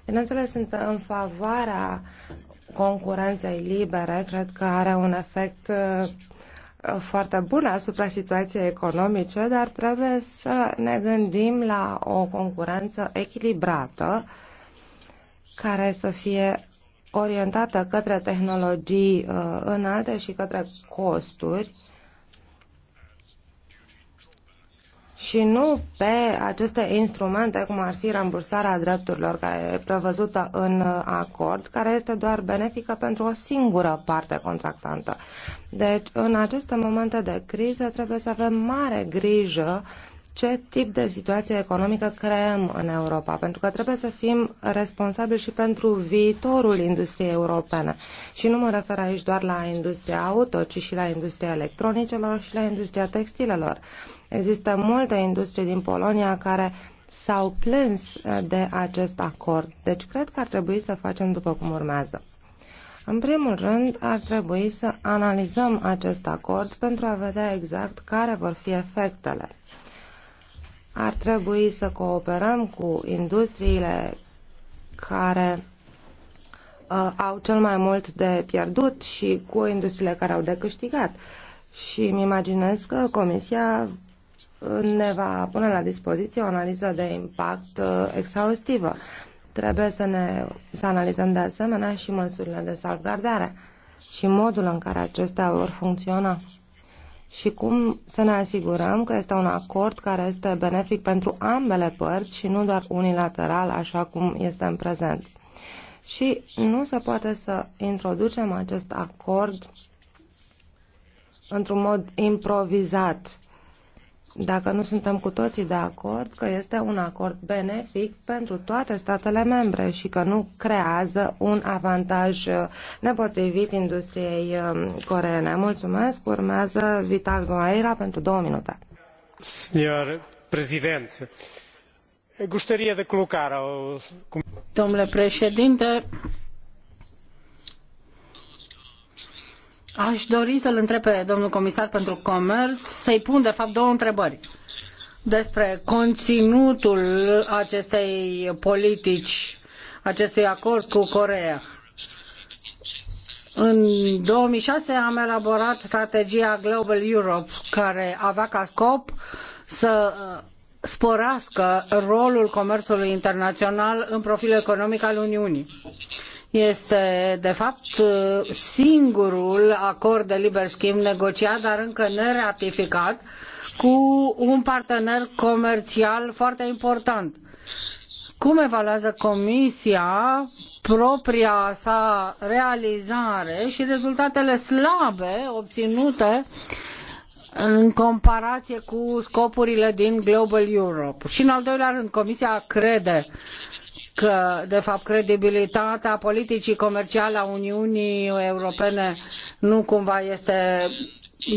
Bineînțeles, sunt în favoarea concurenței libere. Cred că are un efect uh, foarte bună asupra situației economice, dar trebuie să ne gândim la o concurență echilibrată care să fie orientată către tehnologii uh, înalte și către costuri uh, și nu pe aceste instrumente, cum ar fi rambursarea drepturilor care e prevăzută în uh, acord, care este doar benefică pentru o singură parte contractantă. Deci, în aceste momente de criză, trebuie să avem mare grijă uh, ce tip de situație economică creăm în Europa, pentru că trebuie să fim responsabili și pentru viitorul industriei europene. Și nu mă refer aici doar la industria auto, ci și la industria electronicelor și la industria textilelor. Există multe industrie din Polonia care s-au plâns de acest acord, deci cred că ar trebui să facem după cum urmează. În primul rând, ar trebui să analizăm acest acord pentru a vedea exact care vor fi efectele. Ar trebui să cooperăm cu industriile care uh, au cel mai mult de pierdut și cu industriile care au de câștigat. Și îmi imaginez că Comisia ne va pune la dispoziție o analiză de impact uh, exhaustivă. Trebuie să, ne, să analizăm de asemenea și măsurile de salvgardare și modul în care acestea vor funcționa și cum să ne asigurăm că este un acord care este benefic pentru ambele părți și nu doar unilateral, așa cum este în prezent. Și nu se poate să introducem acest acord într-un mod improvizat dacă nu suntem cu toții de acord că este un acord benefic pentru toate statele membre și că nu creează un avantaj uh, nepotrivit industriei um, coreene. Mulțumesc. Urmează Vital Moreira pentru două minute. Signor președinte, gostaria de colocar Domnule președinte, Aș dori să-l întreb pe domnul comisar pentru comerț, să-i pun de fapt două întrebări despre conținutul acestei politici, acestui acord cu Coreea. În 2006 am elaborat strategia Global Europe, care avea ca scop să sporească rolul comerțului internațional în profilul economic al Uniunii. Este, de fapt, singurul acord de liber schimb negociat, dar încă neratificat, cu un partener comercial foarte important. Cum evaluează Comisia propria sa realizare și rezultatele slabe obținute în comparație cu scopurile din Global Europe? Și în al doilea rând, Comisia crede că, de fapt, credibilitatea politicii comerciale a Uniunii Europene nu cumva este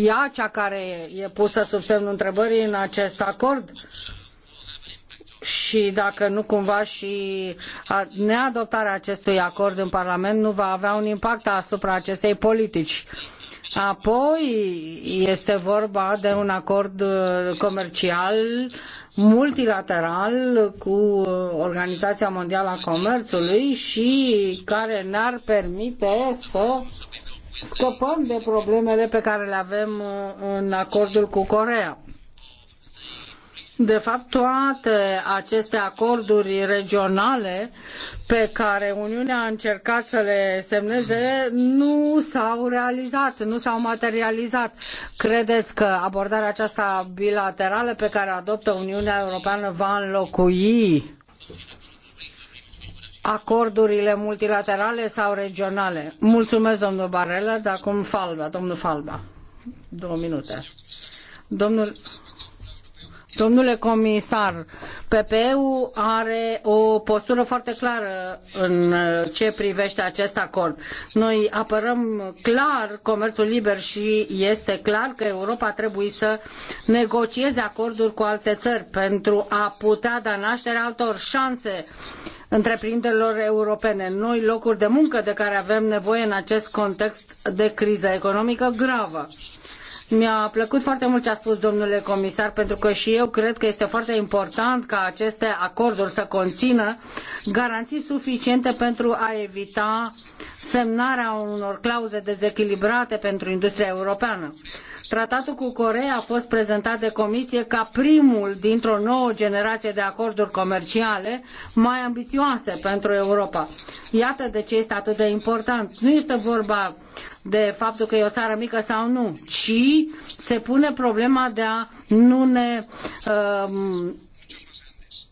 ea cea care e pusă sub semnul întrebării în acest acord? și dacă nu cumva și neadoptarea acestui acord în Parlament nu va avea un impact asupra acestei politici. Apoi este vorba de un acord comercial uh, multilateral cu Organizația Mondială a Comerțului și care ne-ar permite să scăpăm de problemele pe care le avem uh, în acordul cu Coreea. De fapt, toate aceste acorduri regionale pe care Uniunea a încercat să le semneze nu s-au realizat, nu s-au materializat. Credeți că abordarea aceasta bilaterală pe care o adoptă Uniunea Europeană va înlocui acordurile multilaterale sau regionale? Mulțumesc, domnul Barelă, dar acum Falba, domnul Falba. Două minute. Domnul Domnule comisar, PPE-ul are o postură foarte clară în uh, ce privește acest acord. Noi apărăm clar comerțul liber și este clar că Europa trebuie să negocieze acorduri cu alte țări pentru a putea da naștere altor șanse întreprinderilor europene, noi locuri de muncă de care avem nevoie în acest context de criză economică gravă. Mi-a plăcut foarte mult ce a spus domnule comisar, pentru că și eu cred că este foarte important ca aceste acorduri să conțină garanții suficiente pentru a evita semnarea unor clauze dezechilibrate pentru industria europeană. Tratatul cu Coreea a fost prezentat de comisie ca primul dintr-o nouă generație de acorduri comerciale mai ambițioase pentru Europa. Iată de ce este atât de important. Nu este vorba de faptul că e o țară mică sau nu, ci se pune problema de a nu ne um,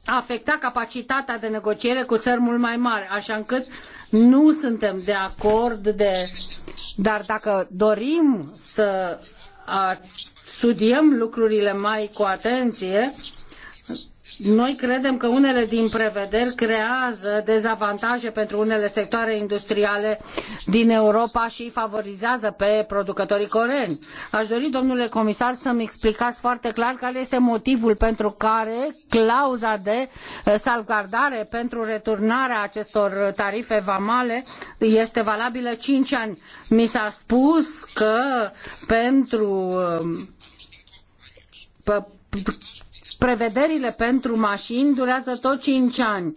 afecta capacitatea de negociere cu țări mult mai mari, așa încât nu suntem de acord de dar dacă dorim să studiem lucrurile mai cu atenție noi credem că unele din prevederi creează dezavantaje pentru unele sectoare industriale din Europa și îi favorizează pe producătorii coreeni. Aș dori, domnule comisar, să-mi explicați foarte clar care este motivul pentru care clauza de eh, salvgardare pentru returnarea acestor tarife vamale este valabilă cinci ani. Mi s-a spus că pentru eh, prevederile pentru mașini durează tot cinci ani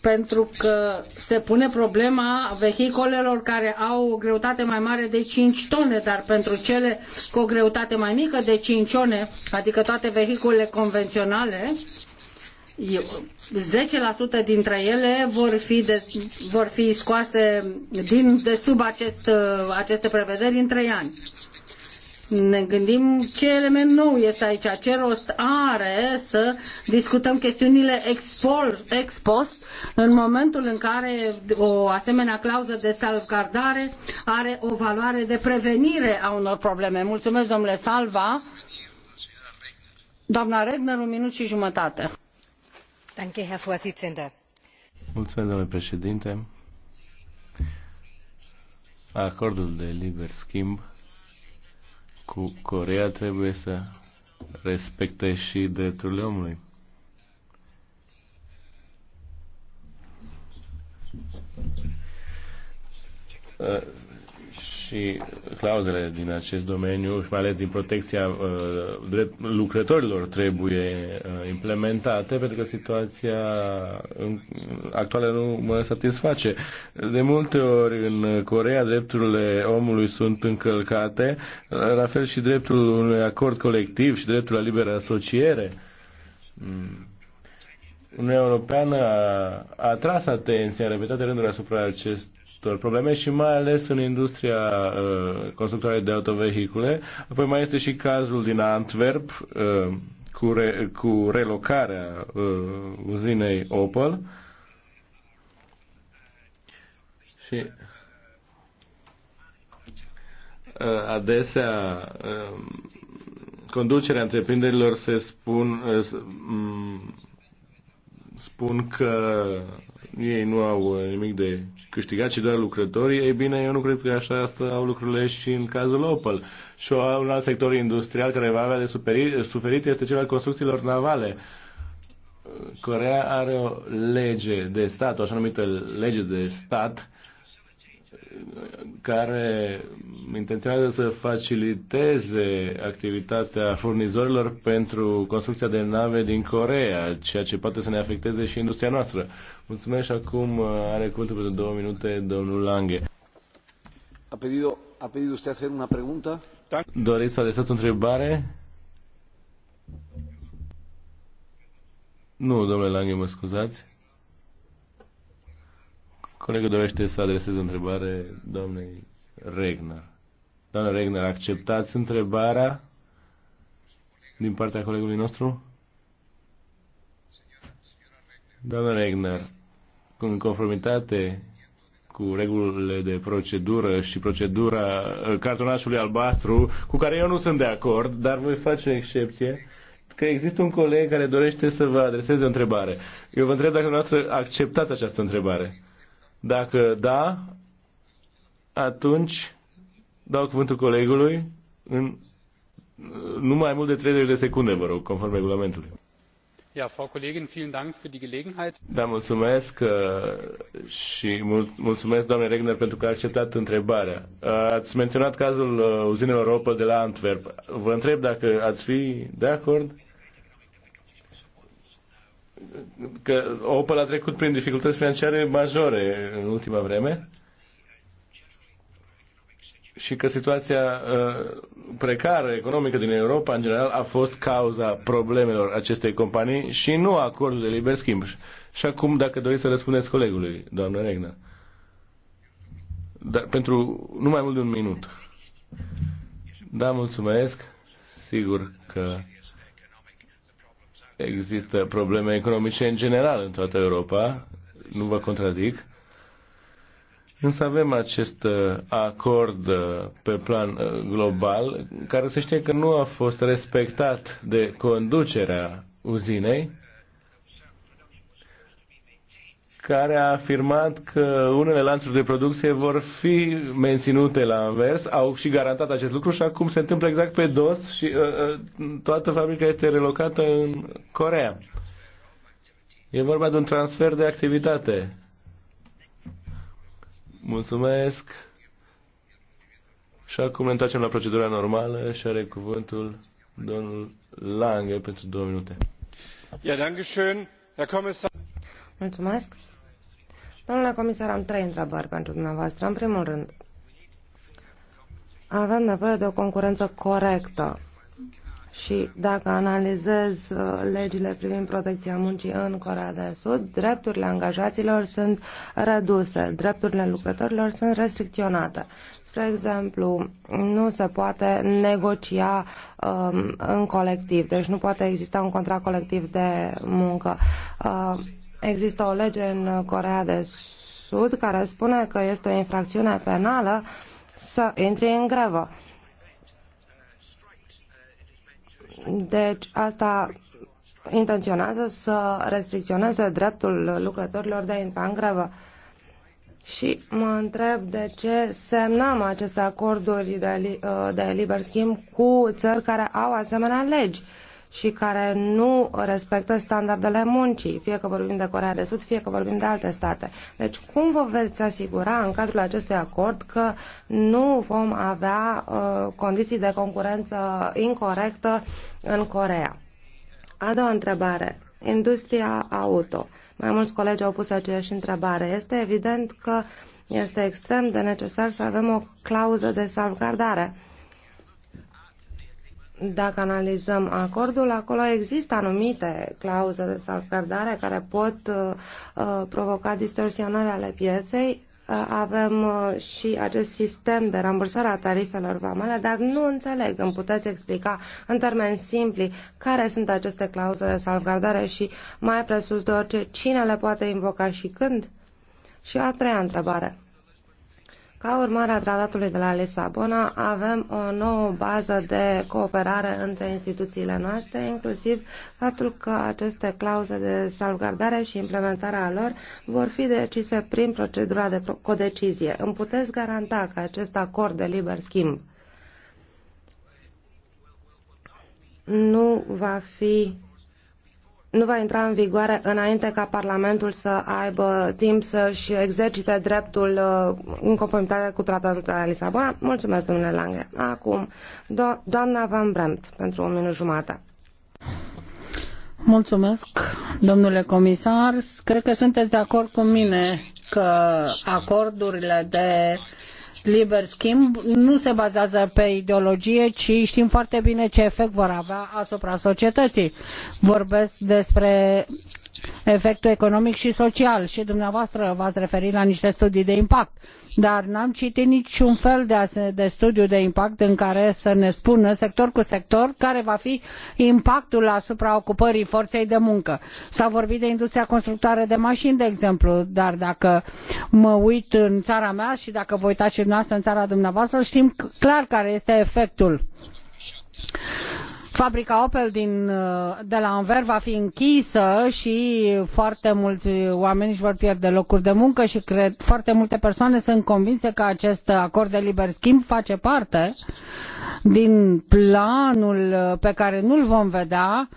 pentru că se pune problema vehiculelor care au o greutate mai mare de cinci tone, dar pentru cele cu o greutate mai mică de cinci tone, adică toate vehiculele convenționale, 10% dintre ele vor fi, de, vor fi scoase din, de sub acest, aceste prevederi în trei ani ne gândim ce element nou este aici, ce rost are să discutăm chestiunile ex post în momentul în care o asemenea clauză de salvgardare are o valoare de prevenire a unor probleme. Mulțumesc, domnule Salva. Doamna Regner, un minut și jumătate. Mulțumesc, domnule președinte. Acordul de liber schimb cu Corea trebuie să respecte și drepturile omului. Uh, și clauzele din acest domeniu și mai ales din protecția uh, lucrătorilor trebuie uh, implementate pentru că situația în, actuală nu mă satisface. De multe ori în Corea drepturile omului sunt încălcate, la fel și dreptul unui acord colectiv și dreptul la liberă asociere. Mm. Uniunea Europeană a, a tras atenția în repetate rânduri asupra acest acestor probleme și mai ales în industria uh, constructoare de autovehicule. Apoi mai este și cazul din Antwerp uh, cu, re, cu relocarea uh, uzinei Opel. Și uh, adesea uh, conducerea întreprinderilor se spun uh, mm, spun că ei nu au nimic de câștigat, ci doar lucrătorii, ei bine, eu nu cred că așa au lucrurile și în cazul Opel. Și un alt sector industrial care va avea de suferit, suferit este cel al construcțiilor navale. Corea are o lege de stat, o așa numită lege de stat, care intenționează să faciliteze activitatea furnizorilor pentru construcția de nave din Corea, ceea ce poate să ne afecteze și industria noastră. Mulțumesc și acum uh, are cuvântul pentru două minute domnul Lange. A pedido, a pedido usted hacer una pregunta? Doriți să adresați o întrebare? Nu, domnule Lange, mă scuzați. Colegul dorește să adreseze întrebare doamnei Regner. Doamna Regner, acceptați întrebarea din partea colegului nostru? Doamna Regner, în conformitate cu regulile de procedură și procedura uh, cartonașului albastru, cu care eu nu sunt de acord, dar voi face o excepție, că există un coleg care dorește să vă adreseze o întrebare. Eu vă întreb dacă dumneavoastră acceptați această întrebare. Dacă da, atunci dau cuvântul colegului în nu mai mult de 30 de secunde, vă rog, conform regulamentului. Ja, Frau Kollegin, vielen Dank für die Gelegenheit. Da, mulțumesc uh, și mul- mulțumesc, doamne Regner, pentru că a acceptat întrebarea. Uh, ați menționat cazul uh, uzinelor Opel de la Antwerp. Vă întreb dacă ați fi de acord că Opel a trecut prin dificultăți financiare majore în ultima vreme și că situația uh, precară economică din Europa, în general, a fost cauza problemelor acestei companii și nu acordul de liber schimb. Și acum, dacă doriți să răspundeți colegului, doamnă Regna, dar pentru nu mai mult de un minut. Da, mulțumesc. Sigur că există probleme economice în general în toată Europa, nu vă contrazic, Însă avem acest uh, acord uh, pe plan uh, global care se știe că nu a fost respectat de conducerea uzinei care a afirmat că unele lanțuri de producție vor fi menținute la anvers, au și garantat acest lucru și acum se întâmplă exact pe dos și uh, uh, toată fabrica este relocată în Corea. E vorba de un transfer de activitate. Mulțumesc. Și acum ne întoarcem la procedura normală și are cuvântul domnul Lange pentru două minute. Ja, Mulțumesc. Domnule comisar, am trei întrebări pentru dumneavoastră. În primul rând, avem nevoie de o concurență corectă și dacă analizez uh, legile privind protecția muncii în Corea de Sud, drepturile angajaților sunt reduse, drepturile lucrătorilor sunt restricționate. Spre exemplu, nu se poate negocia um, în colectiv, deci nu poate exista un contract colectiv de muncă. Uh, Există o lege în Corea de Sud care spune că este o infracțiune penală să intri în grevă. Deci asta intenționează să restricționeze dreptul lucrătorilor de a intra în grevă. Și mă întreb de ce semnăm aceste acorduri de, de liber schimb cu țări care au asemenea legi. Uh, și care nu respectă standardele muncii, fie că vorbim de Corea de Sud, fie că vorbim de alte state. Deci cum vă veți asigura în cadrul acestui acord că nu vom avea uh, condiții de concurență incorrectă în Corea? A doua întrebare. Industria auto. Mai mulți colegi au pus aceeași întrebare. Este evident că este extrem de necesar să avem o clauză de salvgardare dacă analizăm acordul, acolo există anumite clauze de salvgardare care pot uh, uh, provoca distorsionare ale pieței. Uh, avem uh, și acest sistem de rambursare a tarifelor vamale, dar nu înțeleg, îmi puteți explica în termeni simpli care sunt aceste clauze de salvgardare și mai presus de orice cine le poate invoca și când? Și a treia întrebare. Ca urmare a tratatului de la Lisabona, avem o nouă bază de cooperare între instituțiile noastre, inclusiv faptul că aceste clauze de salvgardare și implementarea lor vor fi decise prin procedura de codecizie. Îmi puteți garanta că acest acord de liber schimb nu va fi nu va intra în vigoare înainte ca Parlamentul să aibă timp să-și exercite dreptul uh, în conformitate cu Tratatul de la Lisabona? Mulțumesc, domnule Lange. Acum, do- doamna Van Bremt, pentru un minut jumate. Mulțumesc, domnule comisar. Cred că sunteți de acord cu mine că acordurile de uh, liber schimb nu se bazează pe ideologie, ci știm foarte bine ce efect vor avea asupra societății. Vorbesc despre efectul economic și social și dumneavoastră v-ați referit la niște studii de impact, dar n-am citit niciun fel de, de studiu de impact în care să ne spună sector cu sector care va fi impactul asupra ocupării forței de muncă. S-a vorbit de industria constructoare de mașini, de exemplu, dar dacă mă uit în țara mea și dacă vă uitați și dumneavoastră în țara dumneavoastră, știm clar care este efectul Fabrica Opel din, uh, de la Anver va fi închisă și foarte mulți oameni își vor pierde locuri de muncă și cred, foarte multe persoane sunt convinse că acest acord de liber schimb face parte din planul pe care nu-l vom vedea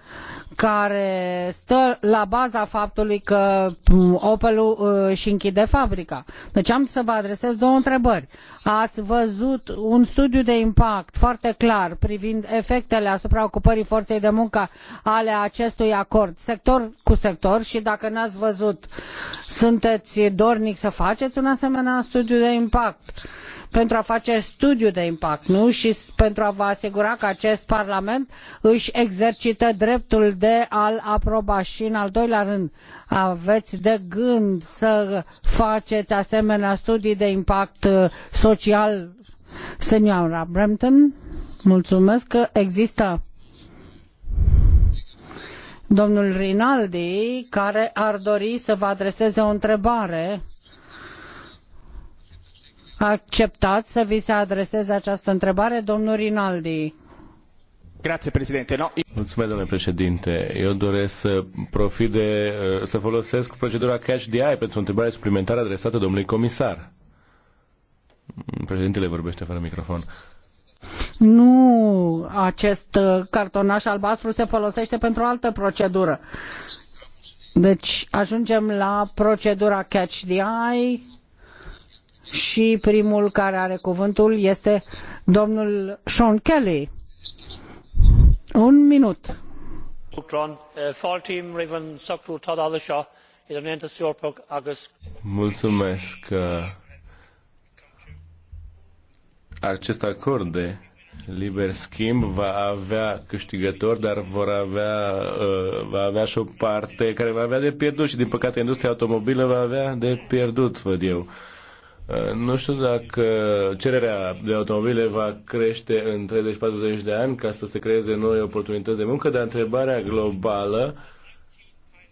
care stă la baza faptului că mm, Opel uh, își închide fabrica. Deci am să vă adresez două întrebări. Ați văzut un studiu de impact foarte clar privind efectele asupra ocupării forței de muncă ale acestui acord, sector cu sector și dacă n-ați văzut, sunteți dornic să faceți un asemenea studiu de impact pentru a face studiu de impact, nu? Și pentru a vă asigura că acest Parlament își exercită dreptul de a-l aproba. Și în al doilea rând, aveți de gând să faceți asemenea studii de impact uh, social, seniora Brampton? Mulțumesc că există domnul Rinaldi care ar dori să vă adreseze o întrebare Acceptat să vi se adreseze această întrebare, domnul Rinaldi? Mulțumesc, domnule președinte. Eu doresc să profit de, uh, să folosesc procedura Cash DI pentru o întrebare suplimentară adresată domnului comisar. Președintele vorbește fără microfon. Nu, acest uh, cartonaș albastru se folosește pentru o altă procedură. Deci ajungem la procedura Catch the Eye și primul care are cuvântul este domnul Sean Kelly. Un minut. Mulțumesc. Uh, acest acord de liber schimb va avea câștigător, dar vor avea, uh, va avea și o parte care va avea de pierdut și din păcate industria automobilă va avea de pierdut, văd eu Uh, nu știu dacă cererea de automobile va crește în 30-40 de ani ca să se creeze noi oportunități de muncă, dar întrebarea globală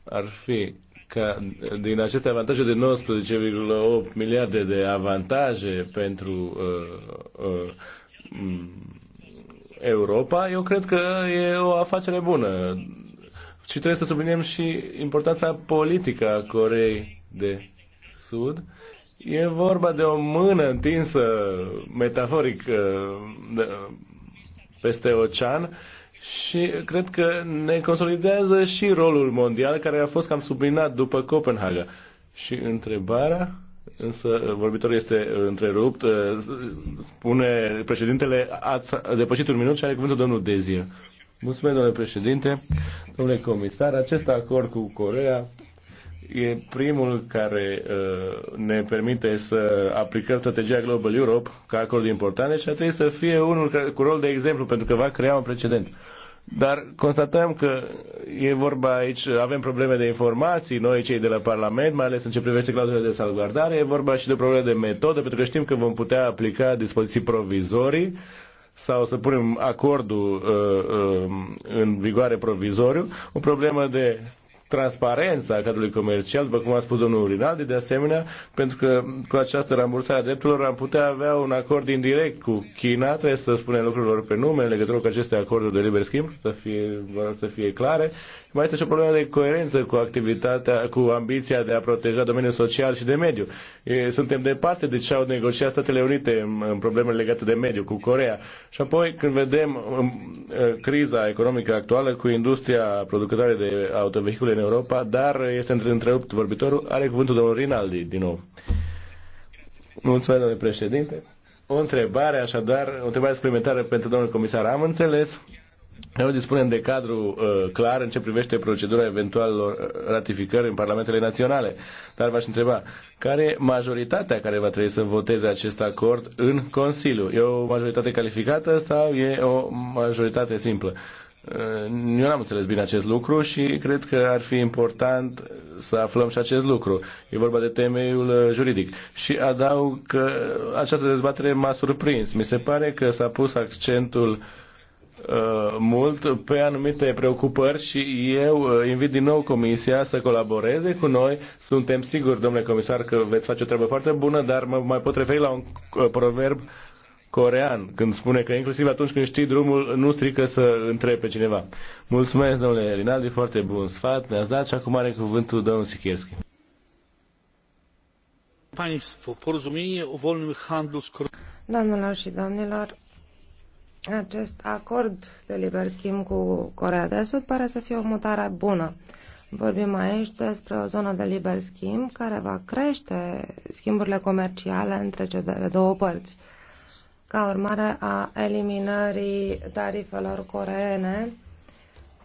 ar fi că din aceste avantaje de 19,8 miliarde de avantaje pentru uh, uh, Europa, eu cred că e o afacere bună. Și trebuie să subliniem și importanța politică a Coreei de Sud E vorba de o mână întinsă, metaforic, uh, peste ocean și cred că ne consolidează și rolul mondial care a fost cam sublinat după Copenhaga. Și întrebarea, însă vorbitorul este întrerupt, uh, spune președintele, ați depășit un minut și are cuvântul domnul Dezir. Mulțumesc, domnule președinte, domnule comisar. Acest acord cu Corea E primul care uh, ne permite să aplicăm strategia Global Europe ca acord important și ar trebui să fie unul care, cu rol de exemplu, pentru că va crea un precedent. Dar constatăm că e vorba aici, avem probleme de informații, noi cei de la Parlament, mai ales în ce privește clauzele de salvgardare, e vorba și de probleme de metodă, pentru că știm că vom putea aplica dispoziții provizorii sau să punem acordul uh, uh, în vigoare provizoriu, o problemă de transparența cadrului comercial, după cum a spus domnul Rinaldi, de asemenea, pentru că cu această rambursare a drepturilor am putea avea un acord indirect cu China, trebuie să spunem lucrurilor pe nume în legătură cu aceste acorduri de liber schimb, să fie, să fie clare mai este și o problemă de coerență cu activitatea, cu ambiția de a proteja domeniul social și de mediu. Suntem departe de ce au negociat Statele Unite în problemele legate de mediu cu Corea. Și apoi când vedem um, uh, criza economică actuală cu industria producătoare de autovehicule în Europa, dar este întrerupt vorbitorul, are cuvântul domnul Rinaldi din nou. Mulțumesc, domnule președinte. O întrebare, așadar, o întrebare suplimentară pentru domnul comisar. Am înțeles noi dispunem de cadru uh, clar în ce privește procedura eventualelor uh, ratificări în parlamentele naționale. Dar v-aș întreba, care e majoritatea care va trebui să voteze acest acord în Consiliu? E o majoritate calificată sau e o majoritate simplă? Uh, eu n-am înțeles bine acest lucru și cred că ar fi important să aflăm și acest lucru. E vorba de temeiul uh, juridic. Și adaug că această dezbatere m-a surprins. Mi se pare că s-a pus accentul uh, Uh, mult pe anumite preocupări și eu uh, invit din nou Comisia să colaboreze cu noi. Suntem siguri, domnule comisar, că veți face o treabă foarte bună, dar mă mai pot referi la un uh, proverb corean, când spune că inclusiv atunci când știi drumul, nu strică să întrebi pe cineva. Mulțumesc, domnule Rinaldi, foarte bun sfat ne-ați dat și acum are cuvântul domnul Sikierski. Domnilor și domnilor, acest acord de liber schimb cu Corea de Sud pare să fie o mutare bună. Vorbim aici despre o zonă de liber schimb care va crește schimburile comerciale între cele două părți. Ca urmare a eliminării tarifelor coreene,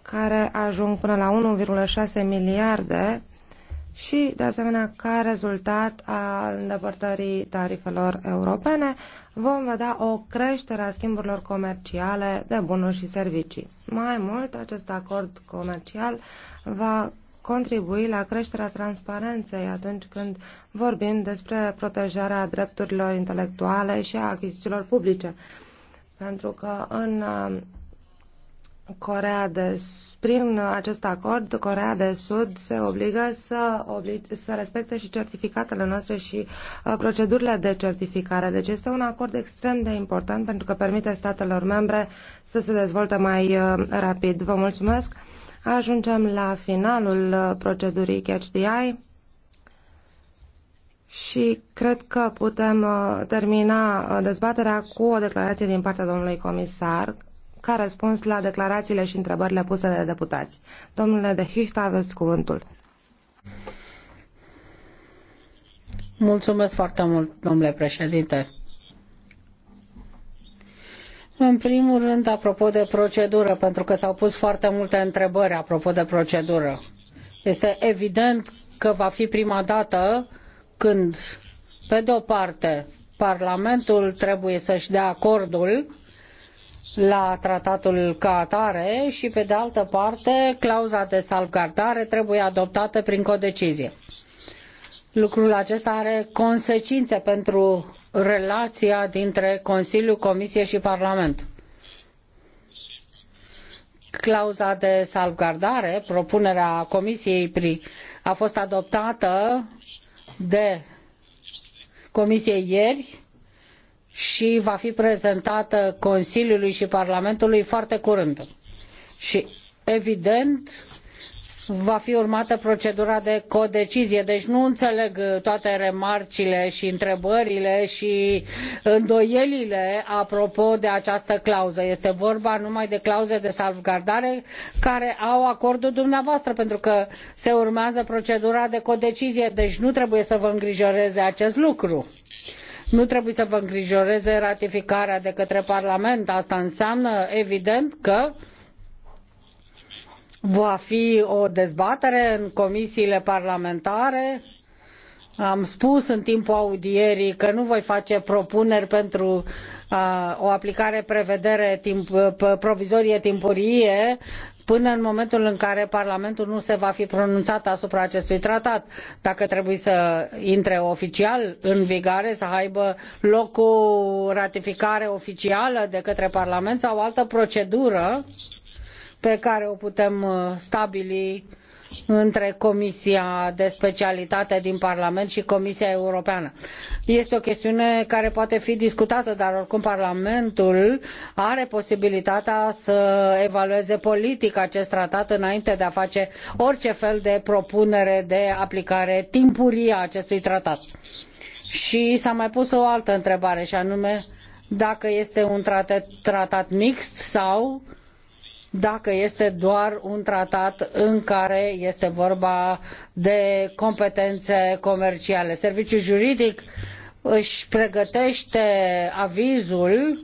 care ajung până la 1,6 miliarde și, de asemenea, ca rezultat al îndepărtării tarifelor europene, vom vedea o creștere a schimburilor comerciale de bunuri și servicii. Mai mult, acest acord comercial va contribui la creșterea transparenței atunci când vorbim despre protejarea drepturilor intelectuale și a achizițiilor publice. Pentru că în Corea de prin acest acord, Corea de Sud se obligă să, să respecte și certificatele noastre și uh, procedurile de certificare. Deci este un acord extrem de important pentru că permite statelor membre să se dezvolte mai uh, rapid. Vă mulțumesc. Ajungem la finalul uh, procedurii Catch the Eye și cred că putem uh, termina uh, dezbaterea cu o declarație din partea domnului comisar ca răspuns la declarațiile și întrebările puse de deputați. Domnule de Hicht, aveți cuvântul. Mulțumesc foarte mult, domnule președinte. În primul rând, apropo de procedură, pentru că s-au pus foarte multe întrebări apropo de procedură. Este evident că va fi prima dată când, pe de o parte, Parlamentul trebuie să-și dea acordul la tratatul ca atare și, pe de altă parte, clauza de salvgardare trebuie adoptată prin codecizie. Lucrul acesta are consecințe pentru relația dintre Consiliu, Comisie și Parlament. Clauza de salvgardare, propunerea Comisiei a fost adoptată de Comisie ieri și va fi prezentată Consiliului și Parlamentului foarte curând. Și, evident, va fi urmată procedura de codecizie. Deci nu înțeleg uh, toate remarcile și întrebările și îndoielile apropo de această clauză. Este vorba numai de clauze de salvgardare care au acordul dumneavoastră, pentru că se urmează procedura de codecizie, deci nu trebuie să vă îngrijoreze acest lucru. Nu trebuie să vă îngrijoreze ratificarea de către Parlament. Asta înseamnă, evident, că va fi o dezbatere în comisiile parlamentare. Am spus în timpul audierii că nu voi face propuneri pentru uh, o aplicare prevedere timp, uh, provizorie timpurie până în momentul în care Parlamentul nu se va fi pronunțat asupra acestui tratat. Dacă trebuie să intre oficial în vigoare, să aibă loc o ratificare oficială de către Parlament sau altă procedură pe care o putem uh, stabili între Comisia de Specialitate din Parlament și Comisia Europeană. Este o chestiune care poate fi discutată, dar oricum Parlamentul are posibilitatea să evalueze politic acest tratat înainte de a face orice fel de propunere de aplicare timpurie a acestui tratat. Și s-a mai pus o altă întrebare, și anume dacă este un tratat, tratat mixt sau dacă este doar un tratat în care este vorba de competențe comerciale. Serviciul juridic își pregătește avizul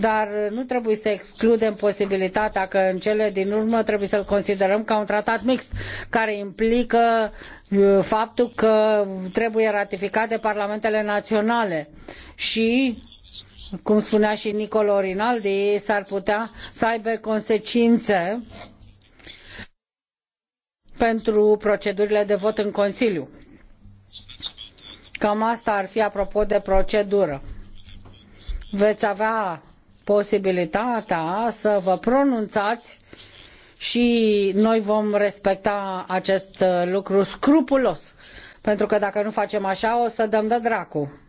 dar nu trebuie să excludem posibilitatea că în cele din urmă trebuie să-l considerăm ca un tratat mixt, care implică uh, faptul că trebuie ratificat de parlamentele naționale și cum spunea și Nicolo Rinaldi, s-ar putea să aibă consecințe pentru procedurile de vot în Consiliu. Cam asta ar fi apropo de procedură. Veți avea posibilitatea să vă pronunțați și noi vom respecta acest lucru scrupulos. Pentru că dacă nu facem așa, o să dăm de dracu.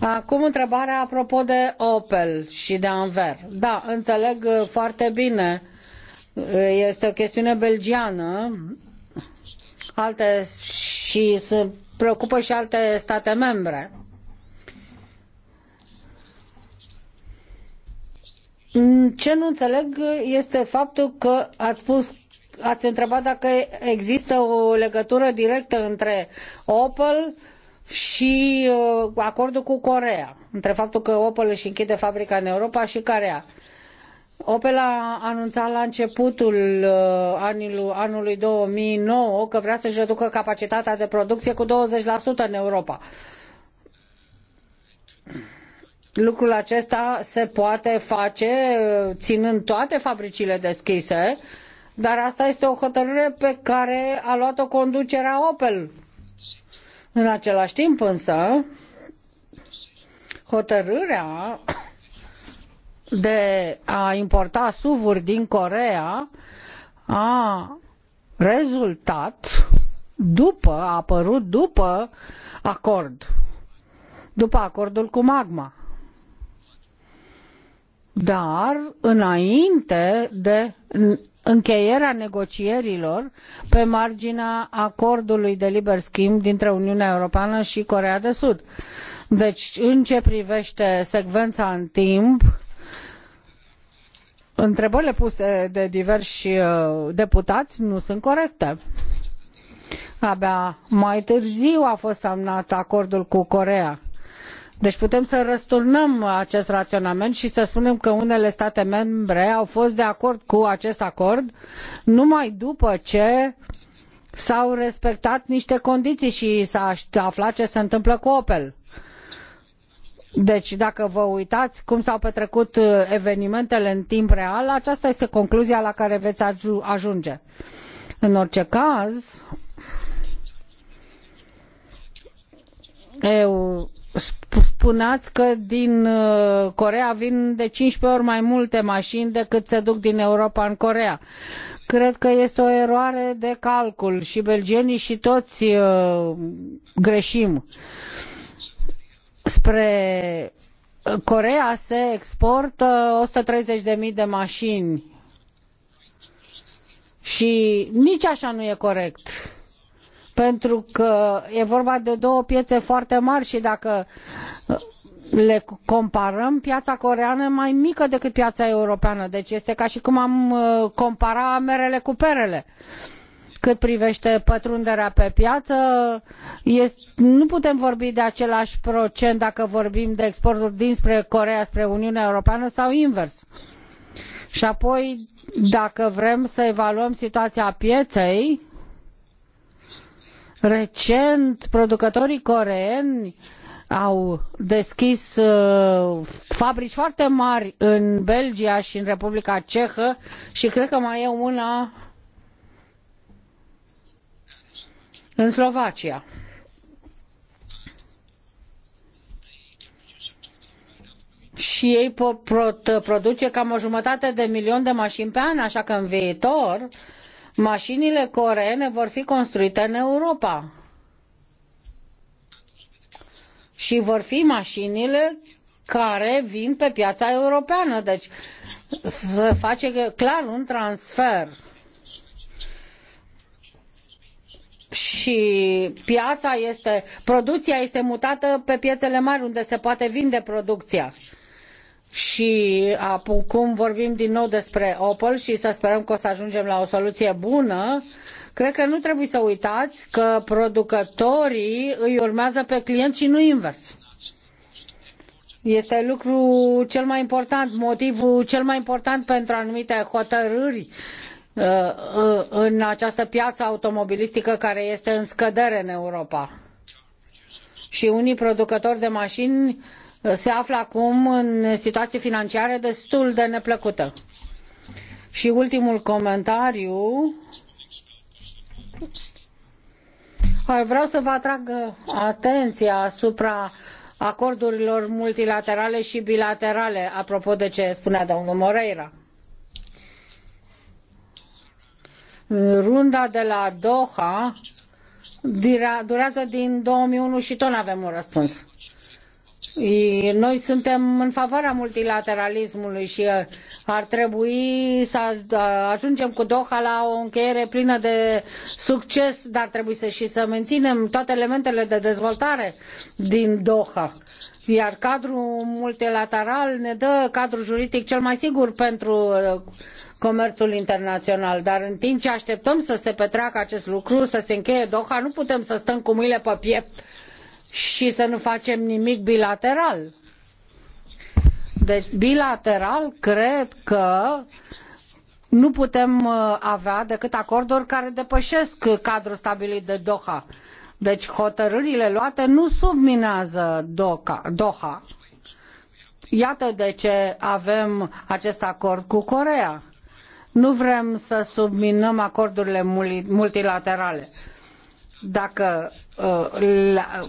Acum întrebarea apropo de Opel și de Anver. Da, înțeleg uh, foarte bine. Uh, este o chestiune belgiană. Alte și se preocupă și alte state membre. Mm, ce nu înțeleg uh, este faptul că ați spus ați întrebat dacă există o legătură directă între Opel și uh, acordul cu Corea, între faptul că Opel își închide fabrica în Europa și Corea. Opel a anunțat la începutul uh, anilu, anului 2009 că vrea să-și reducă capacitatea de producție cu 20% în Europa. Lucrul acesta se poate face uh, ținând toate fabricile deschise, dar asta este o hotărâre pe care a luat-o conducerea Opel în același timp însă, hotărârea de a importa suvuri din Corea a rezultat după, a apărut după acord, după acordul cu Magma. Dar înainte de încheierea negocierilor pe marginea acordului de liber schimb dintre Uniunea Europeană și Coreea de Sud. Deci, în ce privește secvența în timp, întrebările puse de diversi uh, deputați nu sunt corecte. Abia mai târziu a fost semnat acordul cu Coreea deci putem să răsturnăm acest raționament și să spunem că unele state membre au fost de acord cu acest acord numai după ce s-au respectat niște condiții și s-a aflat ce se întâmplă cu Opel. Deci, dacă vă uitați cum s-au petrecut uh, evenimentele în timp real, aceasta este concluzia la care veți ajunge. În orice caz, eu spuneați că din uh, Coreea vin de 15 ori mai multe mașini decât se duc din Europa în Coreea. Cred că este o eroare de calcul și belgenii și toți uh, greșim. Spre Coreea se exportă 130.000 de mașini și nici așa nu e corect pentru că e vorba de două piețe foarte mari și dacă uh, le comparăm, piața coreeană e mai mică decât piața europeană, deci este ca și cum am uh, compara merele cu perele cât privește pătrunderea pe piață, este, nu putem vorbi de același procent dacă vorbim de exporturi dinspre Coreea spre Uniunea Europeană sau invers. Și apoi, dacă vrem să evaluăm situația pieței, Recent, producătorii coreeni au deschis uh, fabrici foarte mari în Belgia și în Republica Cehă și cred că mai e una în Slovacia. și ei pot produce cam o jumătate de milion de mașini pe an, așa că în viitor mașinile coreene vor fi construite în Europa. Și vor fi mașinile care vin pe piața europeană. Deci se face clar un transfer. și piața este, producția este mutată pe piețele mari unde se poate vinde producția și acum vorbim din nou despre Opel și să sperăm că o să ajungem la o soluție bună, cred că nu trebuie să uitați că producătorii îi urmează pe clienți și nu invers. Este lucru cel mai important, motivul cel mai important pentru anumite hotărâri uh, uh, în această piață automobilistică care este în scădere în Europa. Și unii producători de mașini se află acum în situație financiară destul de neplăcută. Și ultimul comentariu. Vreau să vă atrag atenția asupra acordurilor multilaterale și bilaterale, apropo de ce spunea domnul Moreira. Runda de la Doha durează din 2001 și tot nu avem un răspuns. Noi suntem în favoarea multilateralismului și uh, ar trebui să uh, ajungem cu Doha la o încheiere plină de succes, dar trebuie să și să menținem toate elementele de dezvoltare din Doha. Iar cadrul multilateral ne dă cadrul juridic cel mai sigur pentru uh, comerțul internațional. Dar în timp ce așteptăm să se petreacă acest lucru, să se încheie Doha, nu putem să stăm cu mâinile pe piept și să nu facem nimic bilateral. Deci, bilateral, cred că nu putem uh, avea decât acorduri care depășesc cadrul stabilit de Doha. Deci hotărârile luate nu subminează Doha. Iată de ce avem acest acord cu Coreea. Nu vrem să subminăm acordurile multilaterale. Dacă uh,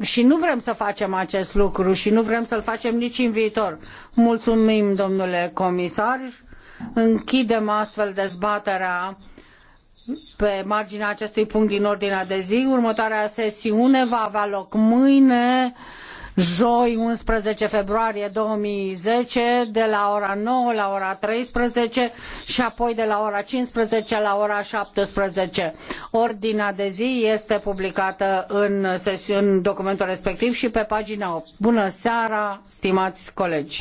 și nu vrem să facem acest lucru și nu vrem să-l facem nici în viitor. Mulțumim, domnule comisar. Închidem astfel dezbaterea pe marginea acestui punct din ordinea de zi. Următoarea sesiune va avea loc mâine joi 11 februarie 2010 de la ora 9 la ora 13 și apoi de la ora 15 la ora 17. Ordinea de zi este publicată în, sesiune, în documentul respectiv și pe pagina 8. Bună seara, stimați colegi!